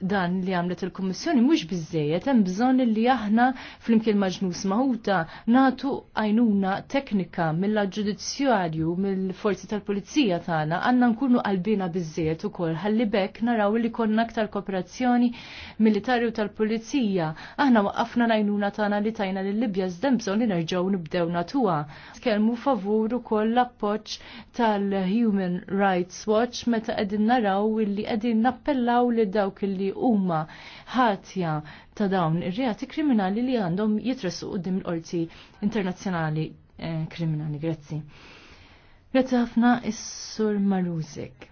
dan li għamlet il-Kommissjoni mhux biżejjed hemm bżonn li aħna flimkien maġnus maħuta natu għajnuna teknika mill-ġudizzjarju mill-forzi tal-pulizija tagħna għandna nkunu qalbina biżejjed ukoll ħalli bekk naraw li konna aktar kooperazzjoni militari u tal-pulizija. Aħna waqqafna għajnuna tagħna li tajna lil Libja żdem bżonn li nerġgħu nibdew natuha. Tkellmu favur ukoll l-appoġġ tal-Human Rights Watch meta qegħdin naraw illi qegħdin nappellaw li dawk illi huma ħatja ta' dawn ir-reati kriminali li għandhom jitressu qudiem l-qorti internazzjonali eh, kriminali. Grazzi. Grazzi ħafna is-Sur Marużek.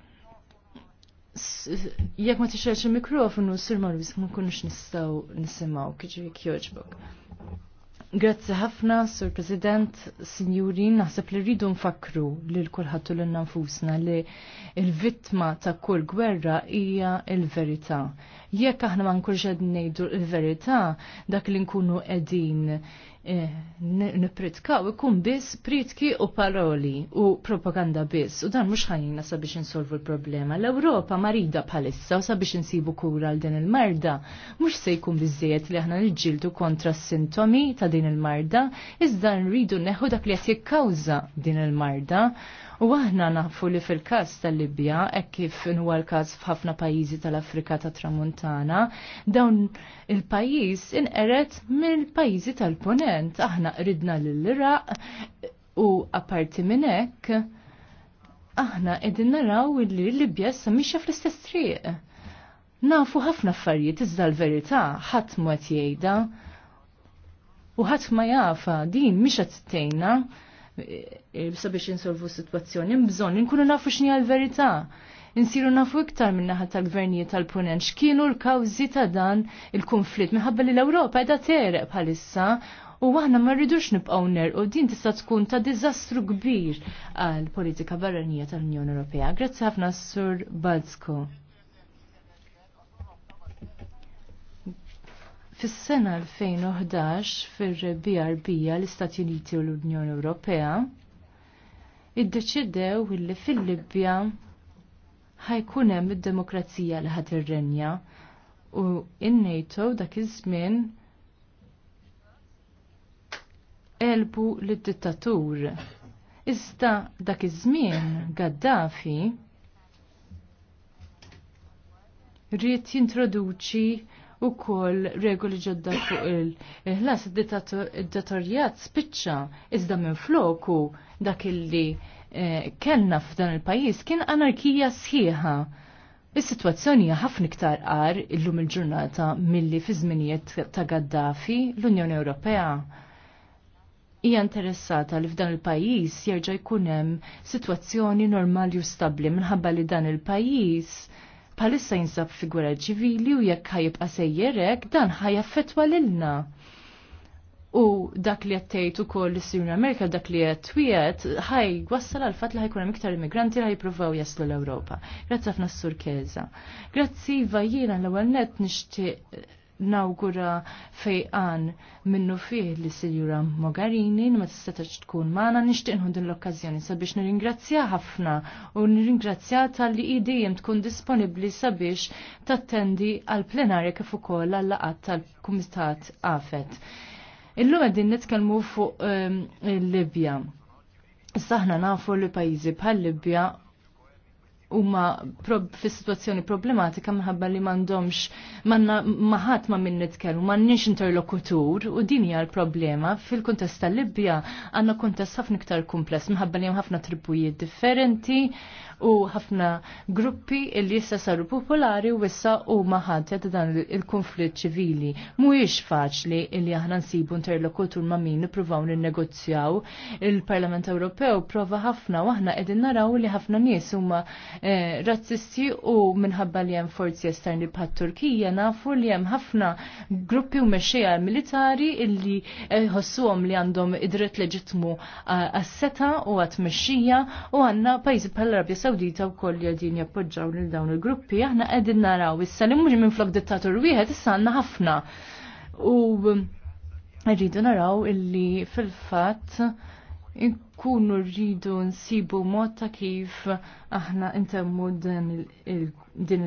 Jekk ma tixrex il-mikrofonu, Sur Marużek ma kunux nistgħu nisimgħu kiġri kjoġbok. Grazzi ħafna, Sur President, Sinjuri, naħseb li rridu nfakru li l-kulħat u l-nanfusna li il-vittma ta' kull gwerra hija il-verità. Jekk aħna ma nkunx qed ngħidu l-verità, dak li nkunu qegħdin Eh, nipritkaw ikun biss pritki u paroli u propaganda biss u dan mhux ħajjina sabiex insolvu l-problema. L-Ewropa marida bħalissa u sabiex insibu kura għal din il-marda mhux se jkun bizziet li aħna niġġieldu kontra s-sintomi ta' din il-marda iżda rridu neħu dak li qed jikkawża din il-marda U aħna nafu li fil-każ tal-Libja, hekk kif huwa l-każ f'ħafna pajjiżi tal-Afrika ta' Tramuntana, dawn il-pajjiż inqeret mill-pajjiżi tal-Ponent. Aħna qridna l iraq u apparti minn hekk aħna edin naraw li l-Libja issa fl-istess triq. Nafu ħafna affarijiet iżda l-verità ħadd ma jgħida, u ħadd ma jafa din mhix qed tgħinna Eh, sabiex insolvu situazzjoni, bżonn nkunu nafu x'inhi l-verità. Insiru nafu iktar minn naħa tal-gvernijiet tal-punent x'kienu l-kawżi ta' dan il-konflitt minħabba li l-Ewropa qiegħda tereq bħalissa u aħna ma rridux ner u din tista' tkun ta' diżastru kbir għal politika barranija tal-Unjoni Ewropea. Grazzi ħafna Sur Bazko. Fis-sena 2011 fir-BRB l-Istati Uniti u l-Unjoni Ewropea iddeċidew li fil-Libja ħajkun hemm id-demokrazija li ħad irrenja u in-NATO dak iż-żmien elbu lid-dittatur. Iżda dak iż-żmien Gaddafi rrid jintroduċi u koll regoli ġodda fuq il-ħlas id-dittatorjat spiċċa iżda minn floku dak illi eh, kellna f'dan il-pajis kien anarkija sħiħa. Is-sitwazzjoni hija ħafna iktar qar illum il-ġurnata milli fi żminijiet ta' Gaddafi l-Unjoni Ewropea hija interessata li f'dan il-pajjiż jerġa' jkun hemm sitwazzjoni normali u stabbli minħabba li dan il-pajjiż palissa jinsab fi gwerra ċivili u jekk ħajibqa sejjerek dan ħajaffetwa lilna. U dak li għattejt u koll l-Sinjur Amerika, dak li għattwijat, ħaj wassal għal-fat li ħajkun iktar immigranti li ħajprovaw jaslu l-Europa. Grazzi għafna s surkeza Grazzi vajjina l-għalnet nishti nawgura fejqan minnu fih li Sinjura Mogarini li ma tistatax tkun maħna nixtieq din l-okkażjoni sabiex nirringrazzja ħafna u nir-ingrazzja tal-li idejjem tkun disponibbli sabiex tattendi għal plenarja kif ukoll għal laqat tal-Kumitat Afet. Illum qegħdin nitkellmu fuq ehm, il-Libja. Issa aħna nafu li pajjiżi bħal-Libja huma fi situazzjoni problematika minħabba li m'għandhomx manna maħat ma minn nitkellmu m'għandniex interlokutur u din hija l-problema fil-kuntest tal-Libja għandna kuntest ħafna iktar kumpless minħabba li hemm ħafna tribujiet differenti u ħafna gruppi li issa saru popolari u issa u maħadja dan il-konflitt ċivili. Mhuwiex faċli li aħna nsibu interlokutur ma' min nippruvaw ninnegozjaw. Il-Parlament Ewropew prova ħafna u aħna qegħdin naraw li ħafna nies huma eh, razzisti u minħabba li hemm forzi esterni pat Turkija nafu li hemm ħafna gruppi u mexxejja militari illi eh, ħossuhom li għandhom id leġitmu eh, għas-seta u għat mexxija u għandna pajjiżi bħall-Arabja Sawdita u koll jadin jappoġġaw lil dawn il-gruppi, aħna qegħdin naraw issa li mhux minn flok dittatur wieħed issa għandna ħafna. U um, rridu naraw illi fil-fatt Inkunu rridu nsibu mod ta' kif aħna intemmu din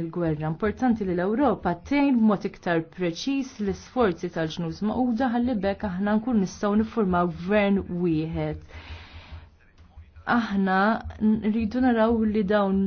il-gwerra. Importanti li l-Ewropa tgħin mod iktar preċiż l-isforzi tal-ġnus maquda ħalli bekk aħna nkun nistgħu niffurmaw gvern wieħed aħna rridu naraw li dawn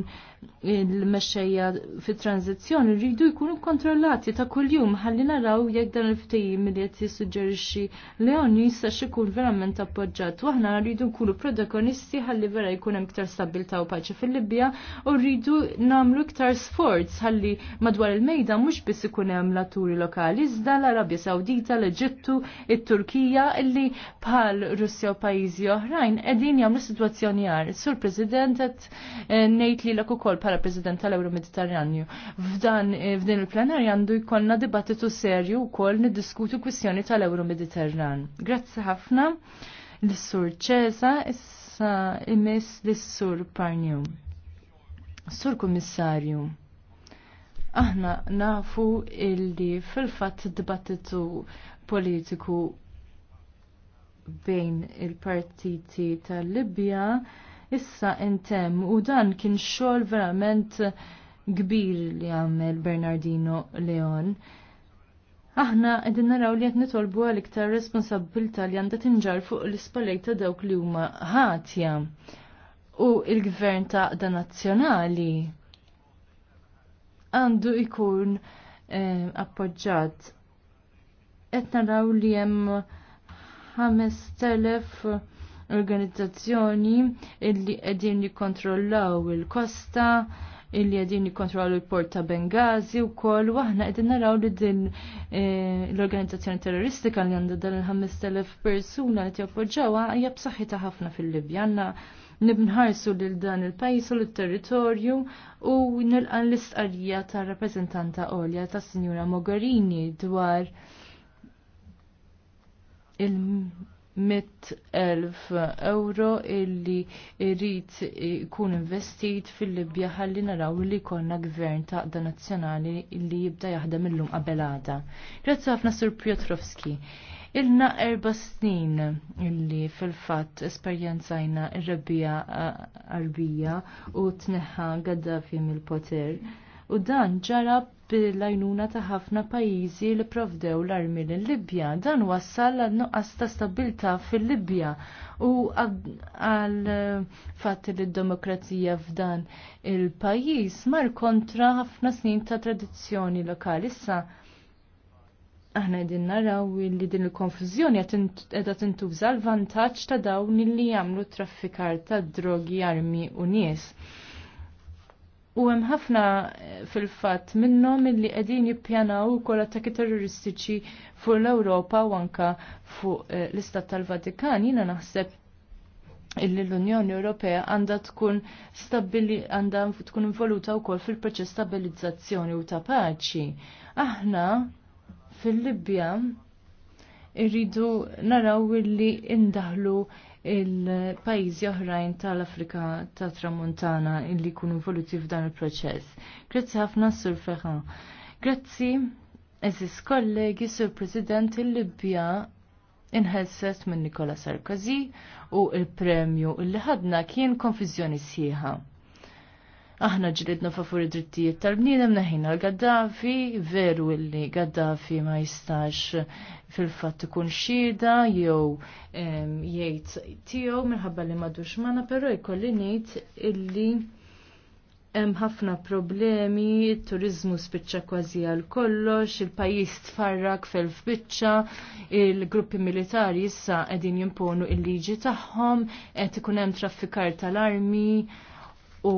il-mexxejja fit-tranzizzjoni rridu jkunu kontrollati ta' kuljum ħalli naraw jekk dan il ftejim li qed jissuġġerixxi Leon jista' ikun verament appoġġat. u aħna rridu nkunu protagonisti ħalli vera jkun hemm iktar stabilità u paċi fil-Libja u rridu nagħmlu iktar sforz ħalli madwar il-mejda mhux biss ikun hemm l-atturi lokali iżda l-Arabja Sawdita, l-Eġittu, it-Turkija illi bħal Russja u pajjiżi oħrajn qegħdin jagħmlu sitwazzjoni għar. Sur President qed ngħid lilek ukoll bħala President tal-Euro Mediterranju. F'dan f'din il-plenarja għandu jkollna dibattitu serju wkoll niddiskutu kwistjoni tal-Euro Mediterran. Grazzi ħafna l-Sur Ċesa issa imis l-Sur Parnju. Sur Kummissarju aħna nafu illi fil-fat dibattitu politiku bejn il-partiti tal-Libja issa intemm u dan kien xogħol verament kbir li għamel Bernardino Leon. Aħna qegħdin naraw li qed nitolbu għal iktar responsabbilta li għandha tinġar fuq l-ispallej ta' dawk li huma ħatja. U il-gvern ta' da nazzjonali għandu ikun eh, appoġġat. Qed naraw li hemm 5000 organizzazzjoni illi qegħdin jikkontrollaw il-kosta illi għedin jikontrollu l-port ta' Bengazi u koll, u aħna għedin naraw li din eh, l-organizzazzjoni terroristika li għandha dan il-5000 persuna li t għajja hija b'saħħitha ħafna fil-Libja. Għanna nibnħarsu lil dan il-pajis u l-territorju u nilqan l-istqarrija ta' rappresentanta Olja ta' Signora Mogherini dwar il- 100.000 euro illi irrit ikun investit fil-Libja ħalli naraw li konna gvern ta' da nazzjonali illi jibda jaħdem illum qabelada. Grazzi ħafna Sur Piotrowski. Ilna erba snin illi fil-fat esperjenzajna ir-rebbija arbija u tneħħa fim il poter u dan ġarab bil-lajnuna ta' ħafna pajjiżi li provdew l-armi l-Libja. Dan wassal għal nuqqas ta' stabilta fil-Libja u għal eh, fatt li d-demokrazija f'dan il-pajjiż mar kontra ħafna snin ta' tradizzjoni lokali. Issa aħna din naraw li din il-konfuzjoni qed tintuża l-vantaġġ ta' dawn li jagħmlu traffikar ta' drogi, armi u nies. U hemm ħafna eh, fil-fatt minnhom illi qegħdin jippjanaw ukoll attakki terroristiċi fuq l-Ewropa u anka fuq eh, l-Istat tal-Vatikan. Jiena naħseb illi l-Unjoni Ewropea għandha tkun stabbili għandha tkun involuta wkoll fil-proċess stabilizzazzjoni u ta' paċi. Aħna fil-Libja irridu naraw illi indaħlu il-pajjiżi oħrajn tal-Afrika ta' Tramuntana illi jkunu involuti f'dan il-proċess. Grazzi ħafna Sur Ferran. Grazzi, eżis kollegi Sur President il-Libja inħesset minn Nikola Sarkozy u il-premju illi ħadna kien konfizjoni sieħa aħna ġridna fafur id-drittijiet tal-bniedem naħina l-Gaddafi, veru illi Gaddafi ma jistax fil-fatt ikun xhieda jew jgħid tiegħu minħabba li madux mana, però jkolli ngħid illi hemm ħafna problemi, turizmu spiċċa kważi għal kollox, il-pajjiż tfarrak fil fbiċċa, il-gruppi militari issa qegħdin jimponu il-liġi tagħhom, qed ikun hemm traffikar tal-armi u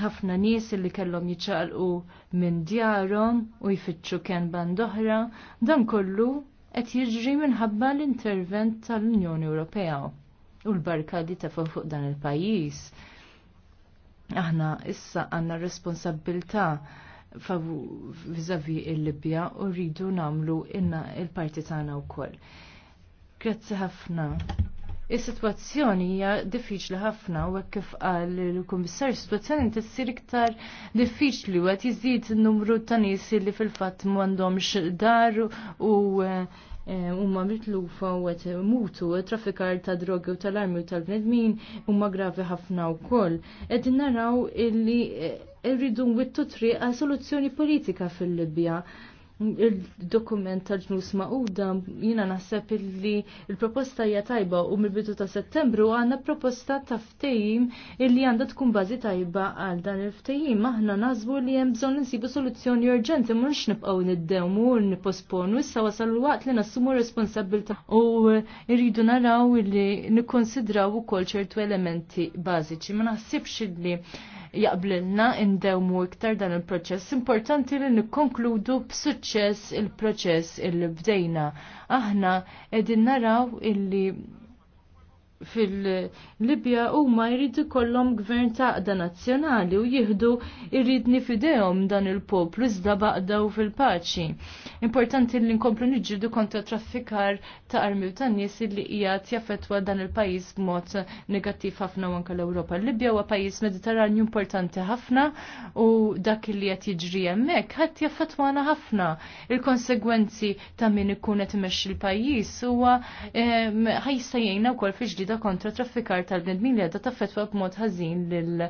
ħafna nies li kellhom jiċċaqlqu minn djarhom u jfittxu band bandoħra, dan kollu qed jiġri minħabba l-intervent tal-Unjoni Ewropea u l barkadi ta' fuq dan il-pajjiż. Aħna issa għandna responsabilità vizavi il-Libja u rridu namlu inna il-parti tagħna wkoll. Grazzi ħafna. Is-sitwazzjoni hija diffiċli ħafna u kif qal il-Kummissarju, is-sitwazzjoni tissir iktar diffiċli u qed jiżdied in-numru ta' nies li fil-fatt m'għandhomx dar u e, huma mitlufa u qed mutu, traffikar ta' drogi u tal-armi u tal-bnedmin, huma gravi ħafna wkoll. Qed naraw illi e, rridu nwittu triq għal soluzzjoni politika fil-Libja il-dokument tal-ġnus ma'uda jina naħseb illi il-proposta hija tajba u mill-bidu ta' settembru għandna proposta ta' ftehim illi għandha tkun bażi tajba għal dan il-ftehim. Aħna nażbu li hemm bżonn insibu soluzzjoni urġenti mhux nibqgħu niddewmu u nipposponu issa wasal il-waqt li nassumu responsabilta u rridu naraw illi nikkonsidraw ukoll ċertu elementi bażiċi. Ma naħsibx illi jaqblilna indewmu iktar dan il-proċess. Importanti li nikkonkludu b'suċċess il-proċess il-bdejna. Aħna edin naraw illi fil-Libja huma jridu kollom gvern ta' da' nazzjonali u jieħdu jridni fidejhom dan il-poplu iżda baqdaw fil-paċi. Importanti li nkomplu niġġieldu kontra traffikar ta' armi u tan nies li qiegħed jaffettwa dan il-pajjiż b'mod negattiv ħafna anke l-Ewropa. Libja huwa pajjiż mediterranju importanti ħafna u dak li qed jiġri hemmhekk ħadd jaffettwana ħafna. Il-konsegwenzi ta' min ikun qed imexxi l-pajjiż huwa ehm, jgħinna wkoll fi ġdida kontra traffikar tal-bnedmin li għadha taffetwa b'mod ħażin lil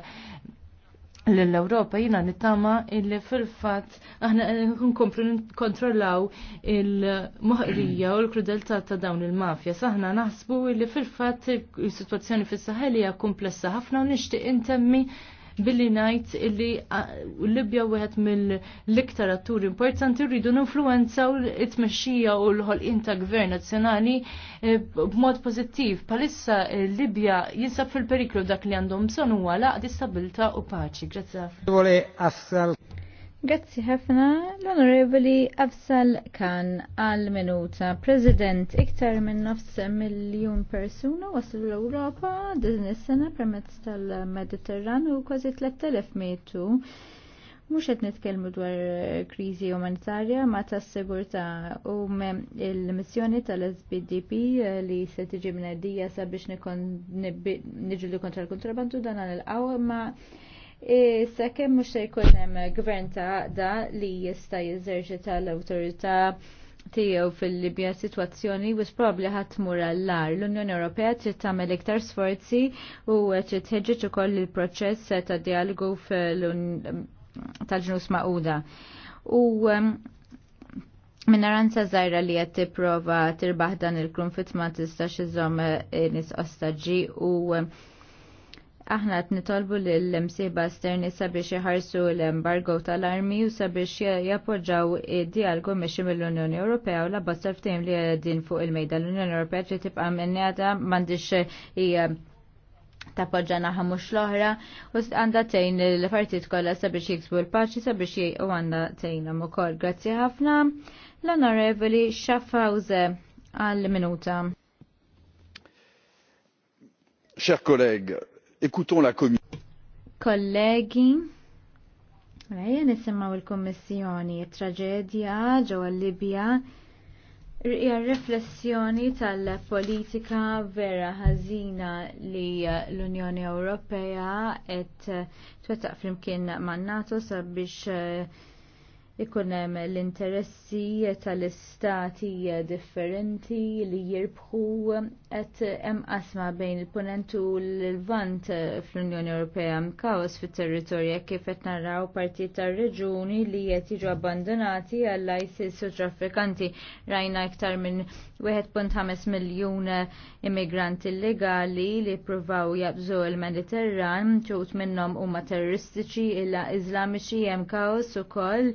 l-Europa jina nittama illi fil-fat aħna nkomplu kontrollaw il-muħrija u l-krudeltà ta' dawn il-mafja. Saħna naħsbu illi fil-fat il-situazzjoni fis-saħel hija komplessa ħafna u nixtieq intemmi billi ngħid illi Libja wieħed mill-iktar atturi importanti rridu ninfluwenzaw it-tmexxija u l-ħolqien ta' gvern nazzjonali eh, b'mod pożittiv. Palissa eh, Libja jinsab fil-periklu dak li għandhom bżonn huwa laqdi istabilta u paċi. Grazie. Grazzi ħafna l-Onorevoli Afsal Khan għal minuta President iktar minn nofs miljon persuna waslu l-Europa din is-sena permezz tal-Mediterran u kważi 3000 metu. Mhux qed nitkellmu dwar kriżi umanitarja ma tas sigurtà u il-missjoni tal-SBDP li se tiġi mnedija sabiex niġu kontra l-kontrabandu dan għal-qawma Issa e, kemm mhux se jkun hemm gvern ta' għaqda li jista' jeżerċita l-awtorità tiegħu fil-Libja sitwazzjoni wis probabbli ħadd tmur għall-lar. L-Unjoni Ewropea trid tagħmel iktar sforzi u trid tħeġġeġ ukoll il-proċess ta' dialogu tal-ġnus maquda. U Minnaranza żgħira li għed tipprova tirbaħ dan il fit ma tistax iżom nis ostaġi u Aħna qed nitolbu lill msiba sterni sabiex iħarsu l-embargo tal-armi u sabiex jappoġġaw id-dialgu mexxi mill-Unjoni Ewropea u l-abbozz ftehim li din fuq il-mejda l-Unjoni Ewropea trid tibqa' minnejata m'għandix hija tappoġġa naħa mhux l-oħra u għandha tgħin l-partit kollha sabiex jiksbu l-paċi sabiex u għandha tgħinhom ukoll. Grazzi ħafna l-Onorevoli Schaffhauser għall-minuta. Cher collègues, Écoutons la Commission. Kollegi, rajja nisimaw il-Kommissjoni, traġedja ġewwa Libja, riflessjoni tal-politika vera ħażina li l-Unjoni Ewropea qed twettaq flimkien man-NATO sabiex eh, ikun hemm l-interessi tal-istati differenti li jirbħu qed hemm qasma bejn il-punent u l-vant fl-Unjoni Ewropea mkaos fit-territorja kif qed naraw parti tar-reġuni li qed jiġu abbandonati għall ISIS u traffikanti rajna iktar minn 1.5 miljun immigranti illegali li provaw jabżu il-Mediterran, ċut minnom huma terroristiċi illa izlamiċi hemm kaos ukoll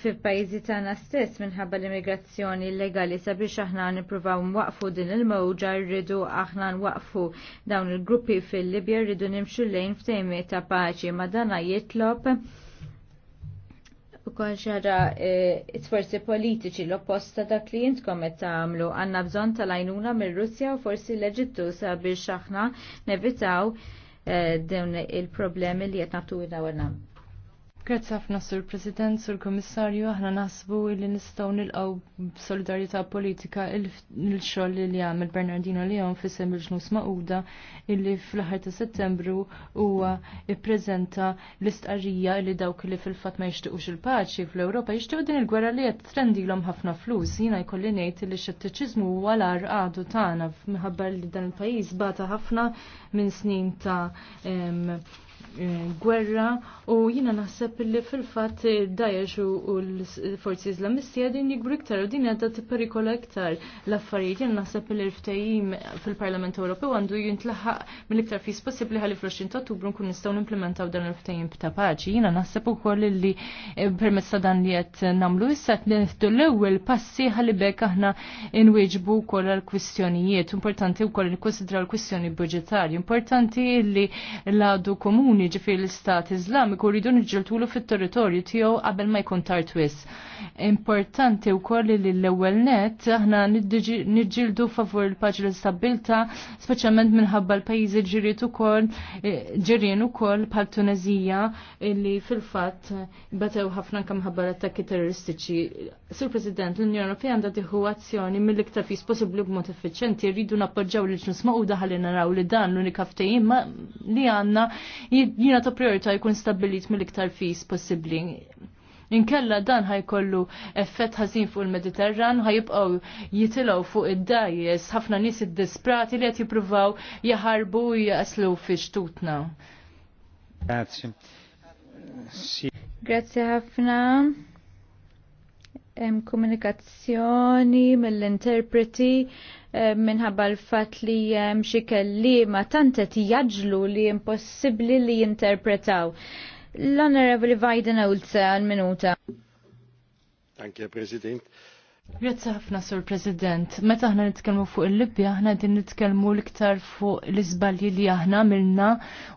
fi pajjiżi tagħna stess minħabba l-immigrazzjoni illegali sabiex aħna nippruvaw nwaqfu din il-mowġa rridu aħna nwaqfu dawn il-gruppi fil-Libja rridu nimxu lejn ftejmi ta' paċi ma dana jitlob u konxara it-forsi e, politiċi l-opposta dak li jintkom qed tagħmlu għandna bżonn tal-għajnuna mir-Russja u forsi l-Eġittu sabiex aħna nevitaw e, dawn il-problemi li qed naftu għawna. Grazzi ħafna sur President, sur Komissarju, aħna nasbu li nistgħu nilqgħu solidarjetà politika il-xogħol li jagħmel Bernardino Leon fi sem il-ġnus Maquda illi fl-aħħar ta' Settembru huwa ippreżenta l-istqarrija li dawk li fil-fatt ma jixtiequx il-paċi fl-Ewropa jixtiequ din il-gwerra li qed trendilhom ħafna flus. Jiena jkolli ngħid li x-xettiċiżmu huwa l-ar għadu tagħna minħabba li dan il-pajjiż bata ħafna minn snin ta' gwerra u jina naħseb li fil-fat Daesh u l-forzi islamisti għadin jikbru iktar u din għadda t-perikola iktar l-affarijiet. Jina naħseb li l-ftajim fil-Parlament Ewropew għandu jintlaħaq mill-iktar fis possibli għalli fl-20 ta' ottubru nkun n-implementaw dan il-ftajim ta' paċi. Jina naħseb ukoll li permessa dan li qed nagħmlu issa qed l-ewwel passi għalli bekk aħna inwieġbu wkoll l kwistjonijiet Importanti wkoll nikkonsidraw l-kwistjoni budġetarji. Importanti li l-għadu komuni reġjuni ġifir l-Istat Iżlamiku rridu nġiltulu fit-territorju tiegħu qabel ma jkun tard twiss. Importanti wkoll li l-ewwel net aħna niġġieldu favur il-paċi l-istabilta, speċjalment minħabba l-pajjiżi ġiriet ukoll eh, ġirien ukoll bħal Tunezija li fil-fatt batew ħafna kemm ħabba l-attakki terroristiċi. Sur President, l-Unjoni Ewropea għandha tieħu azzjoni mill-iktar fis possibbli b'mod effiċjenti rridu nappoġġaw li ġnus ma' u daħalli naraw li dan l-unika ftehim li għandna jina ta' priorità jkun stabilit mill-iktar fis possibbli. Inkella dan ħajkollu effett ħażin fuq il-Mediterran, ħajibqgħu jitilgħu fuq id-dajjes ħafna nies id-disprati li qed jippruvaw jaħarbu u jaslu fi xtutna. Grazzi. Grazzi ħafna. Hemm komunikazzjoni mill-interpreti. Eh, minħabba l-fat li eh, xi kelliema tant qed jaġlu li impossibbli li jinterpretaw. L-Honorable Biden Ulza għal-minuta. Danke, President. Grazzi ħafna, Sur President. Meta aħna nitkellmu fuq il-Libja, aħna din nitkellmu l-iktar fuq l-iżbalji li aħna għamilna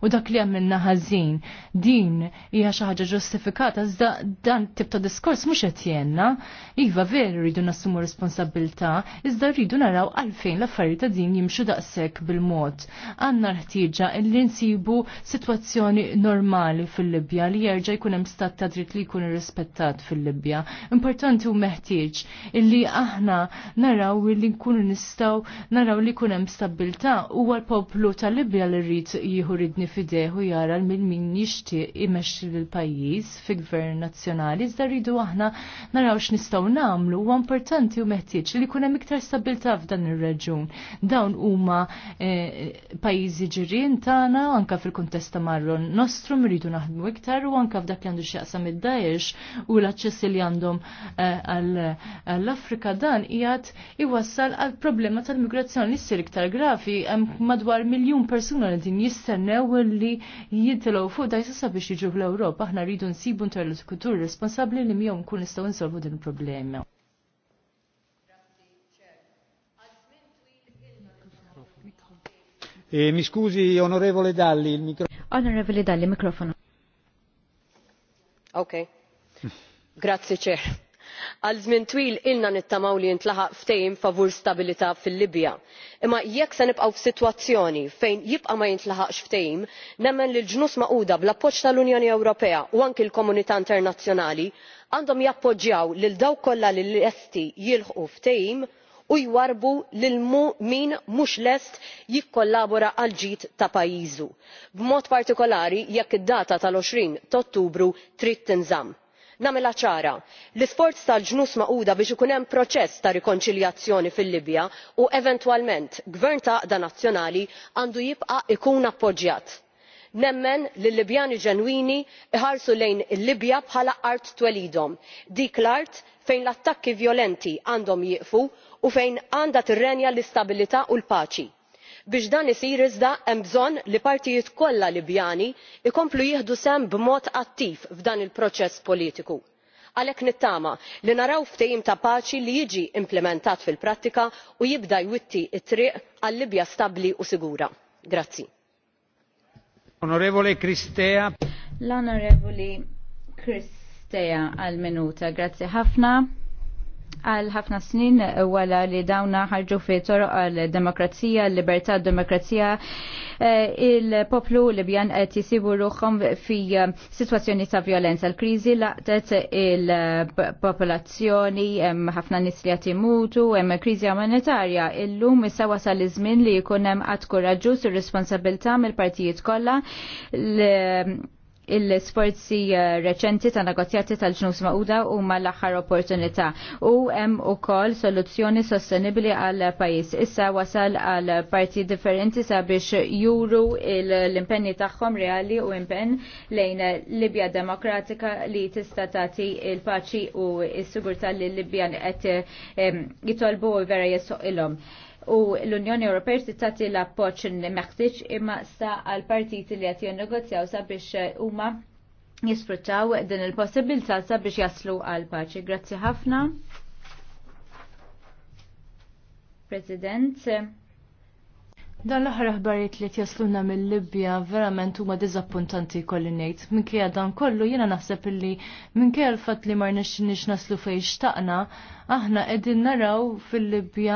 u dak li għamilna ħażin. Din hija xi ħaġa ġustifikata iżda dan tip ta' diskors mhux qed jenna. Iva veru rridu nassumu responsabilità, iżda rridu naraw għalfejn l-affarijiet ta' din jimxu daqshekk bil-mod. Għandna ħtieġa li nsibu sitwazzjoni normali fil-Libja li jerġa' jkun hemm stat ta' dritt li jkun irrispettat fil-Libja. Importanti u meħtieġ illi aħna naraw illi nkunu nistaw naraw li kunem hemm u huwa l-poplu tal-Libja li rrit jieħu ridni fideh jara minn min jixtieq imexxi l-pajjiż fi gvern nazzjonali iżda rridu aħna naraw x'nistgħu nagħmlu huwa importanti u meħtieġ li kunem hemm iktar stabilta f'dan ir-reġun. Dawn huma eh, pajjiżi ġirien tagħna anke fil-kuntesta marron nostru mridu naħdmu iktar u anke f'dak li għandu x'jaqsam id-Daesh u l-aċċess li għandhom eh, għall l-Afrika dan jgħat iwassal għal problema tal-migrazzjoni li ssir iktar grafi hemm madwar miljun persuna li din jistennew li jintilgħu fuq dajsa sabiex jiġu fl-Ewropa aħna rridu nsibu interlokutur responsabbli li miegħu nkun nistgħu nsolvu din il-problema. E, mi scusi, onorevole Dalli, il microfono. Onorevole Dalli, il microfono. Ok. Grazie, Chair għal żmien twil ilna nittamaw li jintlaħaq ftehim favur stabilità fil libja imma jekk se nibqgħu f'sitwazzjoni fejn jibqa' ma jintlaħaqx ftehim nemmen li l-ġnus magħquda bl-appoġġ tal-unjoni ewropea u anki l-komunità internazzjonali għandhom jappoġġjaw lil dawk kollha li lesti jilħqu ftehim u jwarbu lil min mhux lest jikkollabora għal ġid ta' pajjiżu b'mod partikolari jekk id-data tal 20 ta' ottubru trid tinżamm nagħmilha ċara l isforz tal ġnus magħquda biex ikun hemm proċess ta' rikonċiljazzjoni fil libja u eventwalment gvern ta' Aqda nazzjonali għandu jibqa' ikun appoġġjat. nemmen li l libjani ġenwini iħarsu lejn il libja bħala art twelidhom dik l art fejn l attakki vjolenti għandhom jieqfu u fejn għandha tirrenja l istabilità u l paċi biex dan isir iżda hemm bżonn li partijiet kollha libjani jkomplu jieħdu sehem b'mod attiv f'dan il proċess politiku għalhekk nittama li naraw ftehim ta' paċi li jiġi implementat fil prattika u jibda jwitti t triq għal libja stabbli u sigura. l-onorevoli cristea għal minuta grazzi ħafna għal ħafna snin eh, wala li dawna ħarġu fi toroq għal demokrazija, libertà, demokrazija, eh, il-poplu Libjan qed jisibu ruħhom fi eh, situazzjoni ta' violenza. L-kriżi laqtet il-popolazzjoni, hemm ħafna nies li qed imutu, hemm kriżi umanitarja. Illum issa wasal iż-żmien li jkun hemm qatt kuraġġuż ir-responsabilità mill-partijiet kollha il-sforzi eh, reċenti ta' negozjati tal-ġnus ma'uda u ma l-axar opportunità u hemm ukoll soluzzjoni sostenibli għal pajis. Issa wasal għal parti differenti sabiex juru l-impenni tagħhom reali u impenn lejn Libja Demokratika li tista' tagħti il-paċi u s-sigurtà li Libja qed eh, jitolbu vera jessoq ilhom u l-Unjoni Ewropea se tagħti l-appoġġ meħtieġ imma sa għal partiti li qed jinnegozjaw sabiex eh, huma jisfruttaw din il-possibilità sabiex jaslu għal paċi. Grazzi ħafna. President. Dan l-aħħar aħbarijiet li jasluna mill-Libja verament huma diżappuntanti kolli ngħid. Minkejja dan kollu jiena naħseb illi minkejja l-fatt li ma rnexxinix naslu fejn xtaqna, aħna qegħdin naraw fil-Libja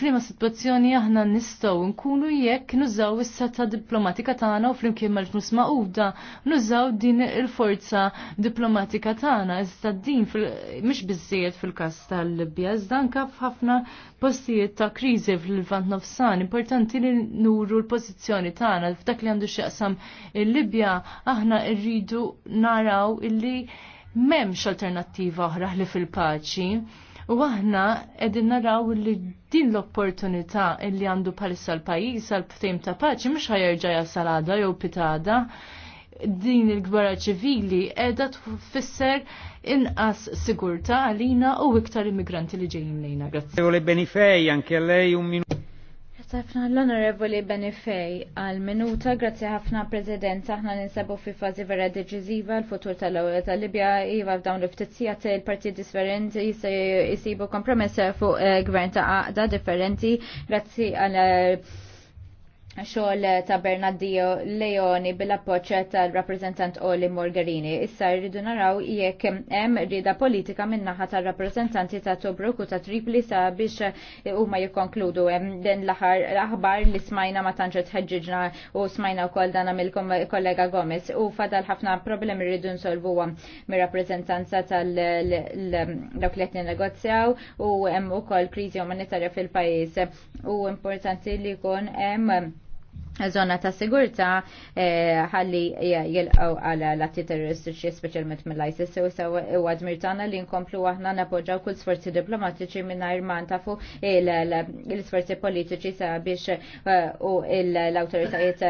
flima situazzjoni aħna nistgħu nkunu jekk nużaw is-seta diplomatika tagħna u flimkien mal-flus maquda nużaw din il-forza diplomatika tagħna iżda din mhix biżżejjed fil-każ tal-Libja iżda anke f'ħafna postijiet ta' kriżi fil-Levant nofsan importanti li nuru l-pożizzjoni tagħna f'dak li għandu x'jaqsam il-Libja aħna rridu naraw illi m'hemmx alternattiva oħra li fil-paċi. U aħna qegħdin naraw li din l-opportunità li għandu palissa l-pajjiż għal ftehim ta' paċi mux ħajerġa' salada jew pitada din il-gwerra ċivili edha tfisser inqas sigurta għalina u iktar immigranti li ġejjin lejna. Grazie. Benifej, anke un minuto ħafna l-Onorevoli Benifej għal minuta, grazzi ħafna President, aħna ninsabu fi fazi vera deċiżiva l-futur tal-Ewropa tal-Libja iva f'dawn l-ftizzijat il-parti differenti jisibu kompromessa fuq eh, gvern ta' għaqda differenti, grazzi għal eh, xogħol ta' Bernardino Leoni bil appoċ tal-rappreżentant Oli Morgarini. Issa rridu naraw jekk hemm rida politika min-naħa tar-rappreżentanti ta' Tobruk u ta' Tripli sa biex huma jikkonkludu hemm din l-aħħar aħbar li smajna ma tantx tħeġġiġna u smajna wkoll dan mill-kollega Gomez u fadal ħafna problemi rridu nsolvuhom mir-rappreżentanza tal dawk li qed negozjaw u hemm ukoll kriżi umanitarja fil-pajjiż u importanti li jkun hemm zona ta' sigurta eh, ħalli eh, jilqaw għala l-atti terroristiċi specialment mill-ISIS u sew għadmir tagħna li nkomplu aħna napoġaw kull sforzi diplomatiċi mingħajr ma tafu l-sforzi politiċi sabiex eh, u l-awtoritajiet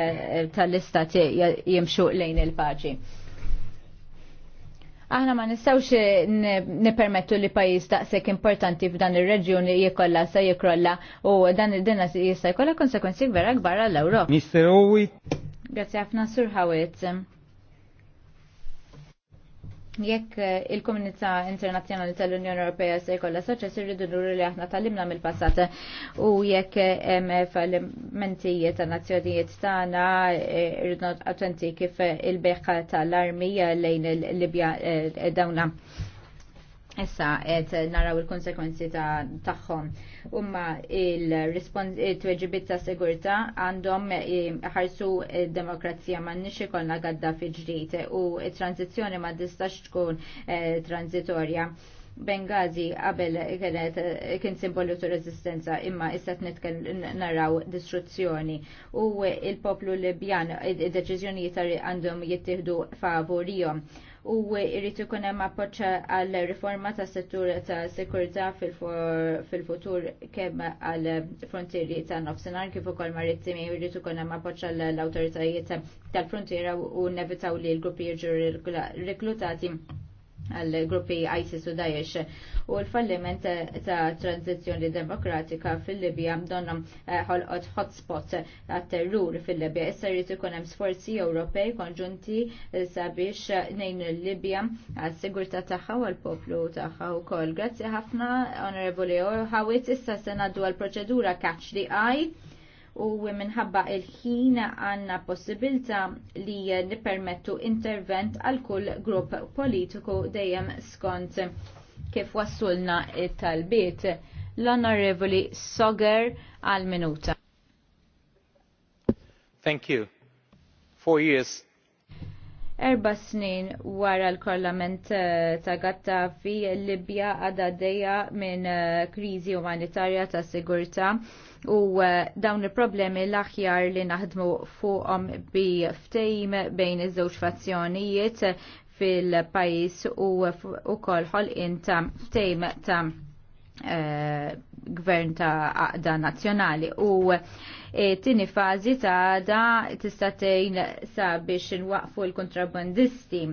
tal-istat jimxu lejn il-paċi. Aħna ma nistawx nipermettu li pajis daqsek importanti f'dan ir-reġjuni jikolla sa jikrolla u dan id-dinna jista' jkollha konsekwenzi vera kbar għall-Ewropa. Mr. Howitt. Grazzi ħafna Sur Howitt. Jekk eh, il-komunità internazzjonali tal-Unjoni Ewropea se jkollha soċċess irridu nuru li aħna tallimna mill-passat u jekk eh, hemm fallimenti ta' nazzjonijiet tagħna eh, irridu attenti kif il-beħħa tal-armija lejn il-Libja dawna Issa qed naraw il-konsekwenzi tagħhom. taħħom. Umma il tweġibit ta' sigurtà għandhom ħarsu demokrazija m'għandniex ikollna gadda fi fiġrite u t-tranzizzjoni ma distax tkun eh, transitorja. Bengazi qabel kienet kien simbolu ta' resistenza imma issa naraw distruzzjoni u il-poplu Libjan id-deċiżjonijiet għandhom jittieħdu favorihom u irrit ikun hemm appoġġ għal riforma tas settur ta' sekurità fil-futur kemm għal frontieri ta' nofsinhar kif ukoll marittimi irrit ikun hemm appoġġ għall awtoritajiet tal-frontiera u nevitaw li l-gruppi jiġu reklutati għal-gruppi ISIS u Daesh u l-falliment ta' tranzizjoni demokratika fil-Libja donna eh, ħolqot hotspot ta' terrur fil-Libja. Issa jrid ikun hemm sforzi Ewropej konġunti eh, sabiex eh, nejn il-Libja għas-sigurtà tagħha u l-poplu tagħha wkoll. Grazzi ħafna, Onorevoli ħawit issa se ngħaddu għall-proċedura catch the eye u minħabba il-ħin għanna possibilta li nipermettu intervent għal kull grupp politiku dejjem skont kif wassulna it-talbiet. L-Onorevoli Soger għal minuta. Thank you. Four years erba snin wara l-Parlament eh, ta' Gattafi, Libja għadha dejja minn eh, kriżi umanitarja ta' sigurtà u eh, dawn il-problemi l-aħjar li naħdmu fuqhom bi ftejm bejn iż-żewġ fazzjonijiet fil-pajis u wkoll ħolqien ta' ftejm ta' eh, gvern ta' aqda nazjonali u eh, tini fazi ta' għada tistatejn sa' biex nwaqfu l-kontrabandisti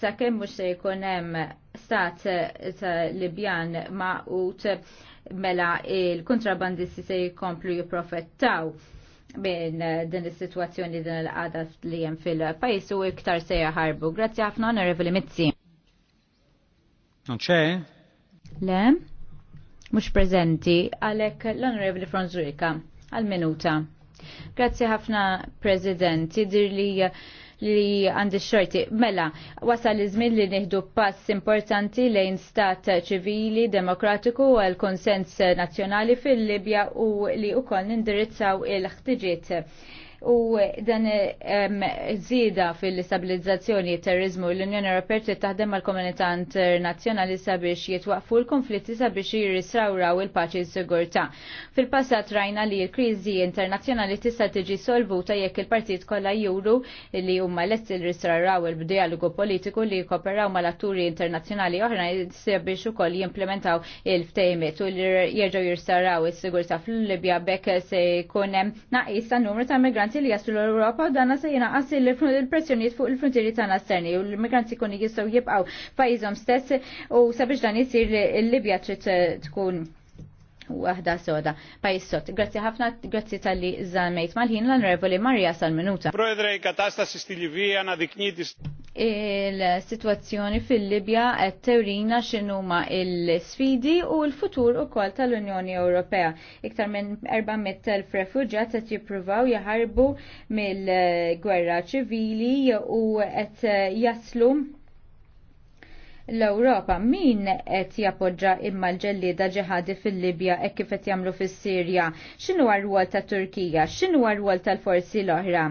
sa' mhux se jkun hemm stat ta' Libjan ma' mela il-kontrabandisti se jikomplu jiprofettaw minn eh, din is-sitwazzjoni din l-qada li hemm fil-pajjiż u iktar se jaħarbu. Grazzi ħafna Onorevoli Mizzi. Non c'è? Le? Mhux preżenti għalhekk l-Onorevoli Fronzurika għal-minuta. Grazzi ħafna President, dirli li għandi xorti. Mela, wasal iż-żmien li nieħdu pass importanti lejn stat ċivili, demokratiku għal konsens nazzjonali fil-Libja u li wkoll nindirizzaw il-ħtiġiet u dan zida fil-stabilizzazzjoni terrorizmu l-Unjoni Ewropea trid taħdem mal-komunità internazzjonali sabiex jitwaqfu l-konflitti sabiex jirrisrawraw il-paċi s-sigurtà. Fil-passat rajna li l-kriżi internazzjonali tista' tiġi solvuta jekk il-partit kollha juru li huma lest jirrisrawraw il-dialogu politiku li jkoperaw mal-atturi internazzjonali oħra sabiex ukoll jimplementaw il-ftejmet u li jerġgħu jirrisrawraw is-sigurtà fl libja bekk se jkun hemm naqis ta' numru ta' migranti migranti li jaslu l-Europa u danna se jinaqas il-pressjoniet fuq il-frontieri tagħna esterni u l-migranti kun jistgħu jibqgħu pajjiżhom stess u sabiex dan isir il-Libja trid tkun Waħda soda. Pajissot, Grazzi ħafna, grazzi tal-li zamejt mal-ħin l anrevoli Maria Salminuta. minuta Proedre, katastasi stil-Libija nadiknitis. Il-situazzjoni fil-Libja qed tewrina x'inhuma l-sfidi u l-futur ukoll tal-Unjoni Ewropea. Iktar minn 400,000 refuġjat qed jippruvaw jaħarbu mill-gwerra ċivili u qed jaslu l-Ewropa min qed jappoġġa imma l-ġellieda ġihadi fil-Libja e kif qed jagħmlu fis-Sirja? X'inhu r-rwol ta' Turkija? X'inhu r-rwol tal-forzi l-oħra?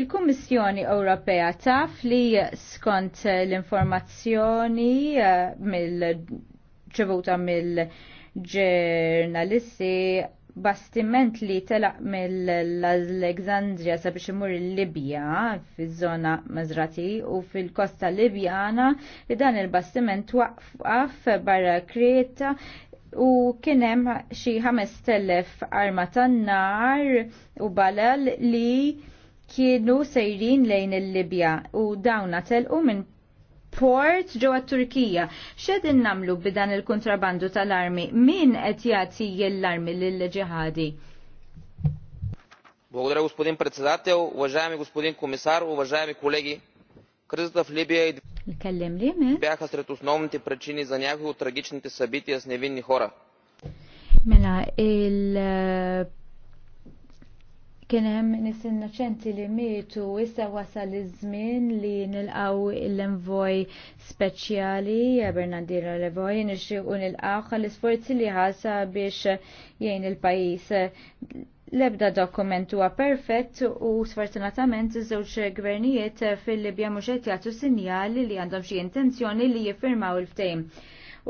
Il-Kummissjoni Ewropea taf li skont l-informazzjoni eh, mill ċevuta mill-ġurnalisti bastiment li telaq mill-Alexandria sabiex imur il-Libja fiż-żona Mazrati u fil-kosta Libjana li dan il-bastiment waqaf barra Kreta u kienem xi 5000 arma tan-nar u balal li kienu sejrin lejn il-Libja u dawn telqu minn port ġewwa Turkija. X'edin namlu bidan il-kontrabandu tal-armi? Min qed jati jell armi l ġihadi Благодаря, господин председател, уважаеми господин комисар, уважаеми колеги. Кризата в Либия и бяха сред основните причини за някои от трагичните събития с невинни хора. Mela, il Kien hemm nies innoċenti li mietu issa wasal iż-żmien li nilqgħu l-envoj speċjali eh, Bernardino Levoj nixtiequ nilqgħu l-isforzi li ħasa biex jgħin il-pajjiż. L-ebda dokument huwa perfett u sfortunatament iż-żewġ gvernijiet fil-Libja mhux qed jagħtu sinjali li għandhom xi intenzjoni li jiffirmaw il-ftehim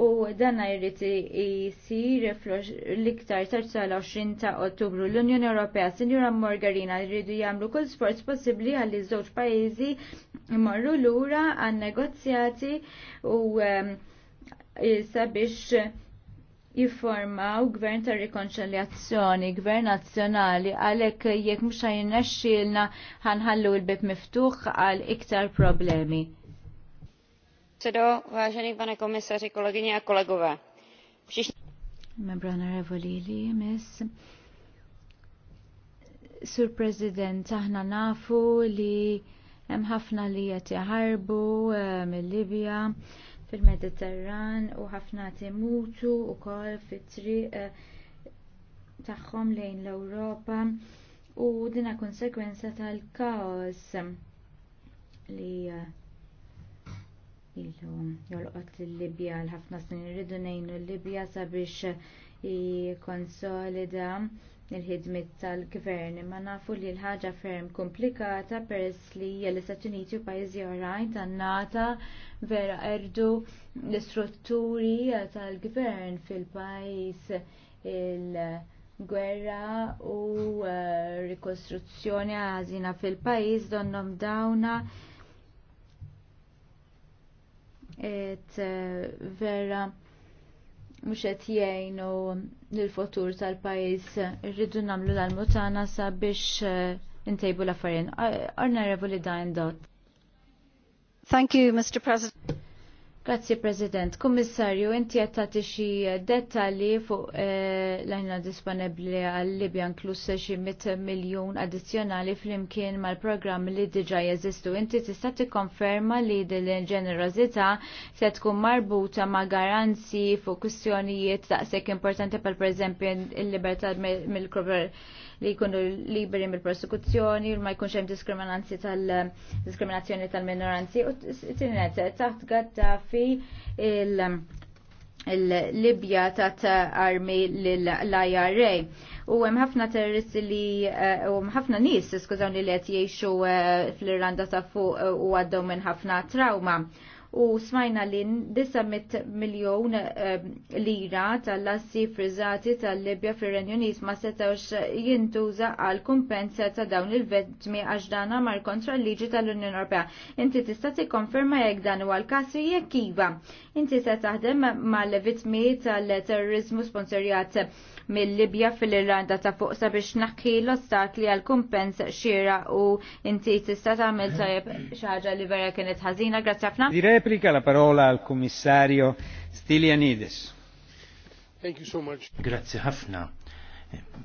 u danna jrid jisir l-iktar tard sal-20 ta' Ottubru. L-Unjoni Ewropea, Sinjura Morgarina, jridu jagħmlu kull sforz possibbli għalli żewġ pajjiżi l lura għan negozjati u ehm, e, sabiex jifformaw gvern ta' rikonċiljazzjoni, gvern nazzjonali, għalek jekk muxa jinnaxxilna xilna ħanħallu l-bib miftuħ għal iktar problemi předsedo, vážený pane komisaři, kolegyně a kolegové. Všichni... Membra Honorevoli Limes, Sur President, aħna nafu li hemm ħafna li qed jaħarbu eh, mill-Libja fil-Mediterran u ħafna timutu wkoll fit-triq eh, tagħhom lejn l-Ewropa u dinha konsekwenza tal-kaos li eh, ilu jolqot l-Libja l-ħafna snin irridu nejnu l-Libja sabiex jikonsolida il-ħidmit tal-gvern imma nafu li l-ħaġa ferm komplikata peress li l-Istati Uniti u pajjiżi oħrajn tan-nata vera erdu l-istrutturi tal-gvern fil-pajjiż il-gwerra u eh, rikostruzzjoni għażina fil-pajjiż donnom dawna et eh, vera mhux qed jgħinu lill-futur tal-pajjiż irridu nagħmlu l-almutana sabiex eh, intejbu l-affarin. Arna Dine Dot. Thank you, Mr. President. Grazzi President. Kummissarju, inti qed tagħti xi dettalji fuq eh, l-għajna disponibbli għal Libja inkluż xie 100 miljun addizzjonali flimkien mal program li diġà jeżistu. Inti tista' tikkonferma li din ġenerożità se tkun marbuta ma' garanzi fuq kwistjonijiet daqshekk importanti pal preżempju il-libertà mill-korporazzjoni li jkunu liberi mill-prosekuzzjoni, ma jkunx hemm diskriminanzi tal-diskriminazzjoni tal-minoranzi. U tinet taħt Gaddafi il- il-Libja tat armi l-IRA. U hemm ħafna terroristi li eh, u hemm ħafna nies, skużawni li qed jgħixu eh, fl-Irlanda ta' fuq u għaddew minn ħafna trauma u smajna li 900 miljon lira tal-lassi frizzati tal-Libja fil renjonis ma setawx jintuża għal kumpensa ta' dawn il-vetmi għax mar kontra l-liġi tal-Unjoni Ewropea. Inti tista' tikkonferma jekk dan huwa l-każ jekk iva. Inti se taħdem mal vetmi tal-terrorizmu sponsorjat mill-Libja fil-Irlanda ta' fuq sabiex naħki l-ostakli għal kumpens xira u inti tista' tagħmel tajjeb xaġa li vera kienet ħażina. Grazzi ħafna. Di replika la parola al kummissarju Stylianides. Thank you so much. Grazzi ħafna.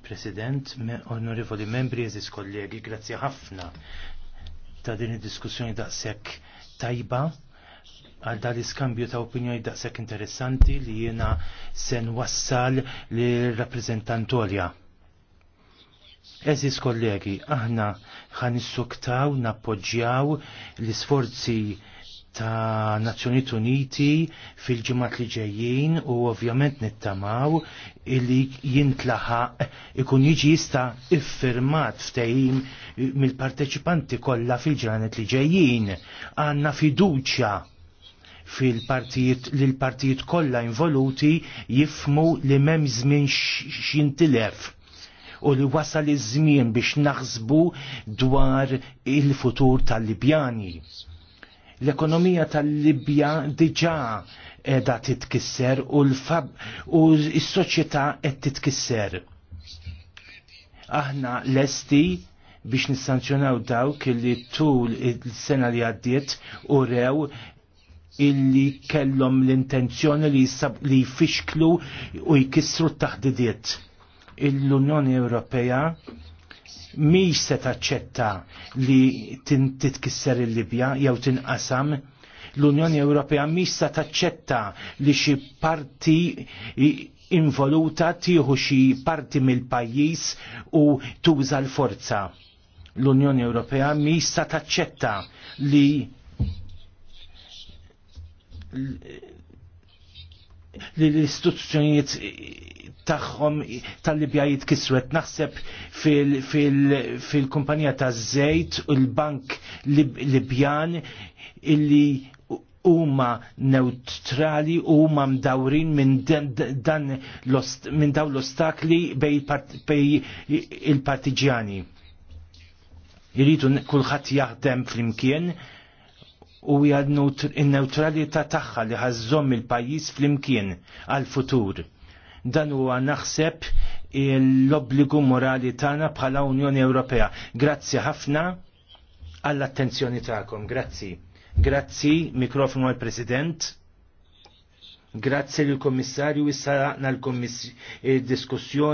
President, onorevoli membri, eżis kollegi, grazzi ħafna ta' din id-diskussjoni daqshekk tajba għal dal iskambju ta' opinjoni daqshekk interessanti li jiena sen wassal li rappresentantolja. Eżis kollegi, aħna ħan issuktaw, nappoġġjaw l-isforzi ta' Nazzjonijiet Uniti fil-ġimgħat li ġejjin u ovvjament nittamaw illi jintlaħaq ikun jiġi jista' iffirmat ftehim mill-parteċipanti kollha fil-ġranet li ġejjin. Għandna fiduċja fil-partijiet li l-partijiet kollha involuti jifmu li m'hemm żmien x'intilef u li wasal iż-żmien biex naħsbu dwar il-futur tal-Libjani. L-ekonomija tal-Libja diġà edha titkisser u l-fab u s-soċjetà qed titkisser. Aħna lesti biex nissanzjonaw dawk li tul il-sena li għaddiet u rew illi kellhom l-intenzjoni li li jfixklu u jkissru t-taħdidiet. Il-Unjoni Ewropea miex se taċċetta li titkisser il-Libja jew tinqasam l-Unjoni Ewropea miex se taċċetta li xi parti involuta tieħu xi parti mill-pajjiż u tuża l-forza. L-Unjoni Ewropea miex se taċċetta li li l-istituzzjonijiet tagħhom tal-Libja jitkiswet. Naħseb fil-kumpanija ta' żejt u l-Bank Libjan illi huma neutrali u huma mdawrin minn dan minn daw l-ostakli bej il-partiġjani. Irridu kulħadd jaħdem flimkien u hija n neutralita tagħha li ħazzom il-pajjiż flimkien għal-futur. Dan huwa naħseb l-obbligu morali tagħna bħala Unjoni Ewropea. Grazzi ħafna għall-attenzjoni tagħkom. Grazzi. Grazzi, mikrofonu għal-President. Grazzi lill-Kommissarju issa l-Diskussjoni.